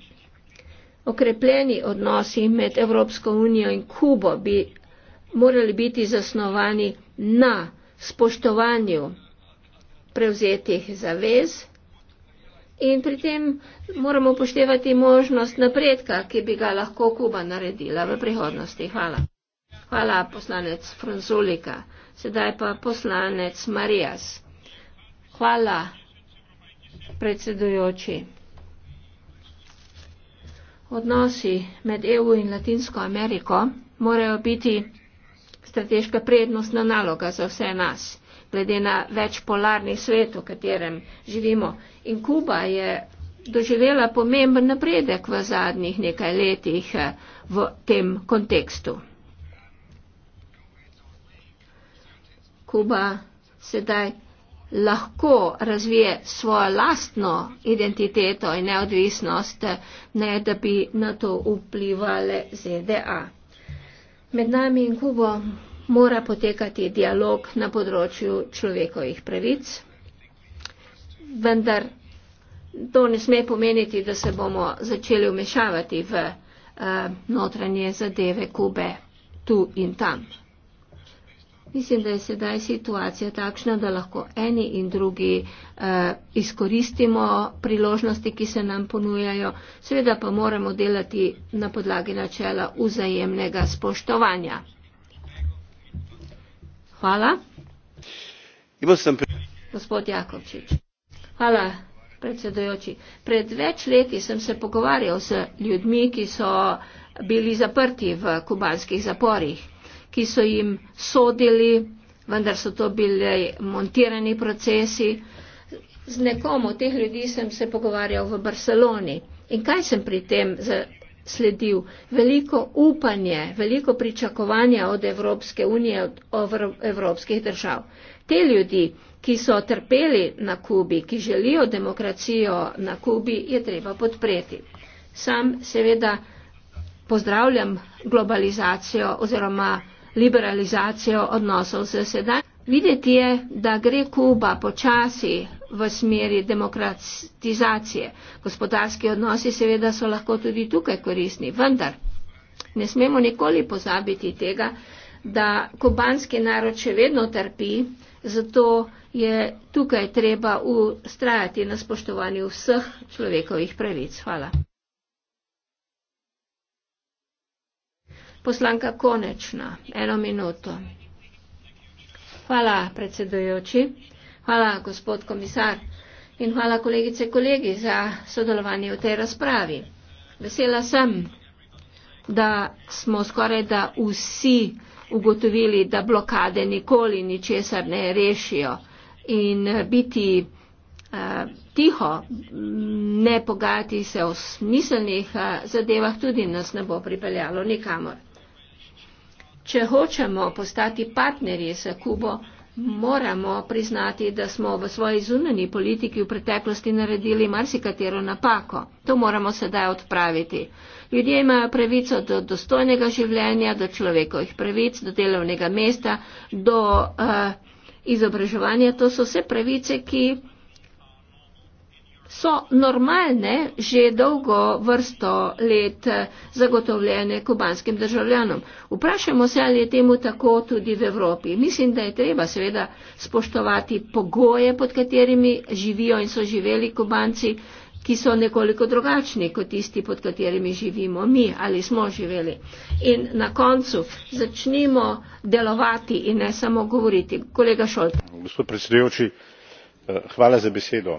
Okrepljeni odnosi med Evropsko unijo in Kubo bi morali biti zasnovani na spoštovanju prevzetih zavez in pri tem moramo upoštevati možnost napredka, ki bi ga lahko Kuba naredila v prihodnosti. Hvala. Hvala, poslanec Franzulika. Sedaj pa poslanec Marijas. Hvala predsedujoči. Odnosi med EU in Latinsko Ameriko morajo biti strateška prednostna naloga za vse nas, glede na večpolarni svet, v katerem živimo. In Kuba je doživela pomemben napredek v zadnjih nekaj letih eh, v tem kontekstu. Kuba sedaj lahko razvije svojo lastno identiteto in neodvisnost, ne da bi na to vplivali ZDA. Med nami in Kubo mora potekati dialog na področju človekovih pravic, vendar to ne sme pomeniti, da se bomo začeli umešavati v uh, notranje zadeve Kube tu in tam. Mislim, da je sedaj situacija takšna, da lahko eni in drugi eh, izkoristimo priložnosti, ki se nam ponujajo, seveda pa moramo delati na podlagi načela vzajemnega spoštovanja. Hvala. Gospod Jakovčič. Hvala, predsedojoči. Pred več leti sem se pogovarjal z ljudmi, ki so bili zaprti v kubanskih zaporih ki so jim sodili, vendar so to bili montirani procesi. Z nekom od teh ljudi sem se pogovarjal v Barceloni in kaj sem pri tem sledil? Veliko upanje, veliko pričakovanja od Evropske unije, od evropskih držav. Te ljudi, ki so trpeli na Kubi, ki želijo demokracijo na Kubi, je treba podpreti. Sam seveda pozdravljam globalizacijo oziroma liberalizacijo odnosov z sedaj. Videti je, da gre Kuba počasi v smeri demokratizacije. Gospodarski odnosi seveda so lahko tudi tukaj korisni, vendar ne smemo nikoli pozabiti tega, da kubanski narod še vedno trpi, zato je tukaj treba ustrajati na spoštovanju vseh človekovih pravic. Hvala. Poslanka konečna. Eno minuto. Hvala, predsedujoči. Hvala, gospod komisar. In hvala, kolegice in kolegi, za sodelovanje v tej razpravi. Vesela sem, da smo skoraj da vsi ugotovili, da blokade nikoli ničesar ne rešijo in eh, biti uh, tiho, ne pogajati se o smiselnih uh, zadevah, tudi nas ne bo pripeljalo nikamor. Če hočemo postati partnerji za Kubo, moramo priznati, da smo v svoji zunani politiki v preteklosti naredili marsikatero napako. To moramo sedaj odpraviti. Ljudje imajo pravico do dostojnega življenja, do človekovih pravic, do delovnega mesta, do uh, izobraževanja. To so vse pravice, ki so normalne že dolgo vrsto let zagotovljene kubanskim državljanom. Vprašamo se, ali je temu tako tudi v Evropi. Mislim, da je treba seveda spoštovati pogoje, pod katerimi živijo in so živeli kubanci, ki so nekoliko drugačni kot tisti, pod katerimi živimo mi ali smo živeli. In na koncu začnimo delovati in ne samo govoriti. Kolega Šolt.
Gospod predsedujoči, eh, hvala za besedo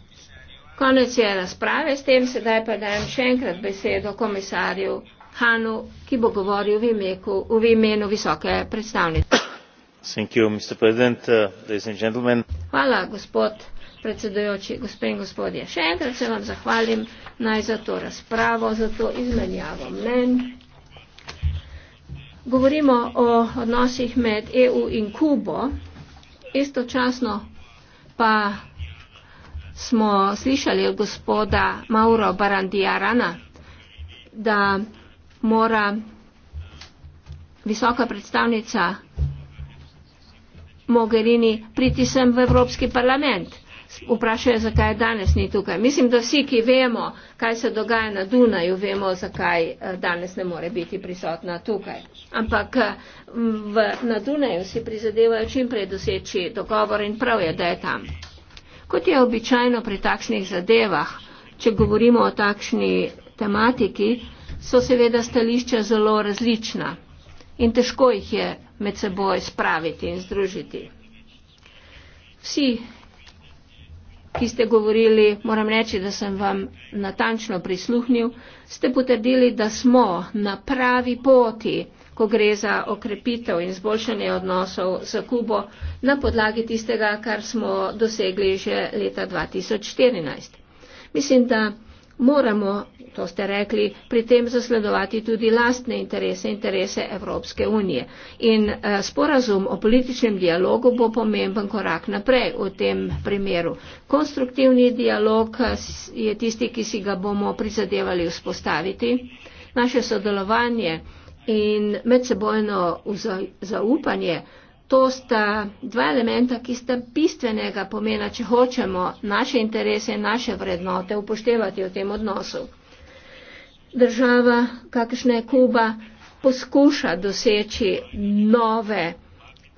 Konec je razprave s tem, sedaj pa dajem še enkrat besedo komisarju Hanu, ki bo govoril v imenu, v imenu visoke predstavnice.
You, uh,
Hvala, gospod predsedujoči, gospe in gospodje. Še enkrat se vam zahvalim naj za to razpravo, za to izmenjavo mnen. Govorimo o odnosih med EU in Kubo, istočasno pa smo slišali od gospoda Mauro Barandijarana, da mora visoka predstavnica Mogherini priti sem v Evropski parlament. Vprašajo, zakaj je danes ni tukaj. Mislim, da vsi, ki vemo, kaj se dogaja na Dunaju, vemo, zakaj eh, danes ne more biti prisotna tukaj. Ampak eh, v, na Dunaju si prizadevajo čim prej doseči dogovor in prav je, da je tam. Kot je običajno pri takšnih zadevah, če govorimo o takšni tematiki, so seveda stališča zelo različna in težko jih je med seboj spraviti in združiti. Vsi, ki ste govorili, moram reči, da sem vam natančno prisluhnil, ste potrdili, da smo na pravi poti ko gre za okrepitev in zboljšanje odnosov z Kubo na podlagi tistega, kar smo dosegli že leta 2014. Mislim, da moramo, to ste rekli, pri tem zasledovati tudi lastne interese, interese Evropske unije. In eh, sporazum o političnem dialogu bo pomemben korak naprej v tem primeru. Konstruktivni dialog eh, je tisti, ki si ga bomo prizadevali vzpostaviti. Naše sodelovanje in medsebojno zaupanje. To sta dva elementa, ki sta bistvenega pomena, če hočemo naše interese in naše vrednote upoštevati v tem odnosu. Država, kakršna je Kuba, poskuša doseči nove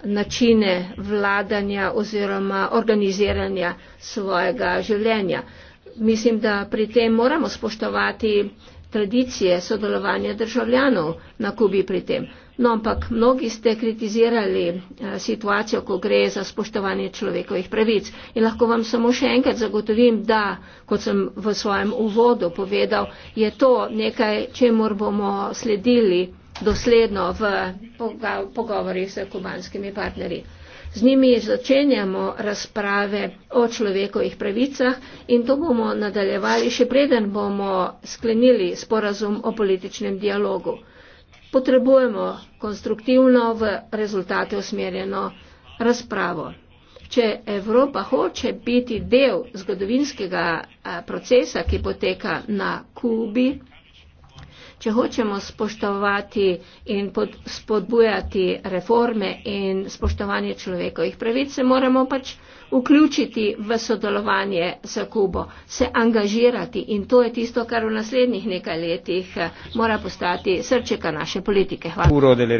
načine vladanja oziroma organiziranja svojega življenja. Mislim, da pri tem moramo spoštovati tradicije sodelovanja državljanov na Kubi pri tem. No, ampak mnogi ste kritizirali eh, situacijo, ko gre za spoštovanje človekovih pravic. In lahko vam samo še enkrat zagotovim, da, kot sem v svojem uvodu povedal, je to nekaj, čemu bomo sledili dosledno v pogovorih s kubanskimi partnerji. Z njimi začenjamo razprave o človekovih pravicah in to bomo nadaljevali še preden bomo sklenili sporazum o političnem dialogu. Potrebujemo konstruktivno v rezultate usmerjeno razpravo. Če Evropa hoče biti del zgodovinskega eh, procesa, ki poteka na Kubi, če hočemo spoštovati in spodbujati reforme in spoštovanje človekovih pravic, se moramo pač vključiti v sodelovanje z Kubo, se angažirati in to je tisto, kar v naslednjih nekaj letih eh, mora postati srčeka naše politike. Hvala.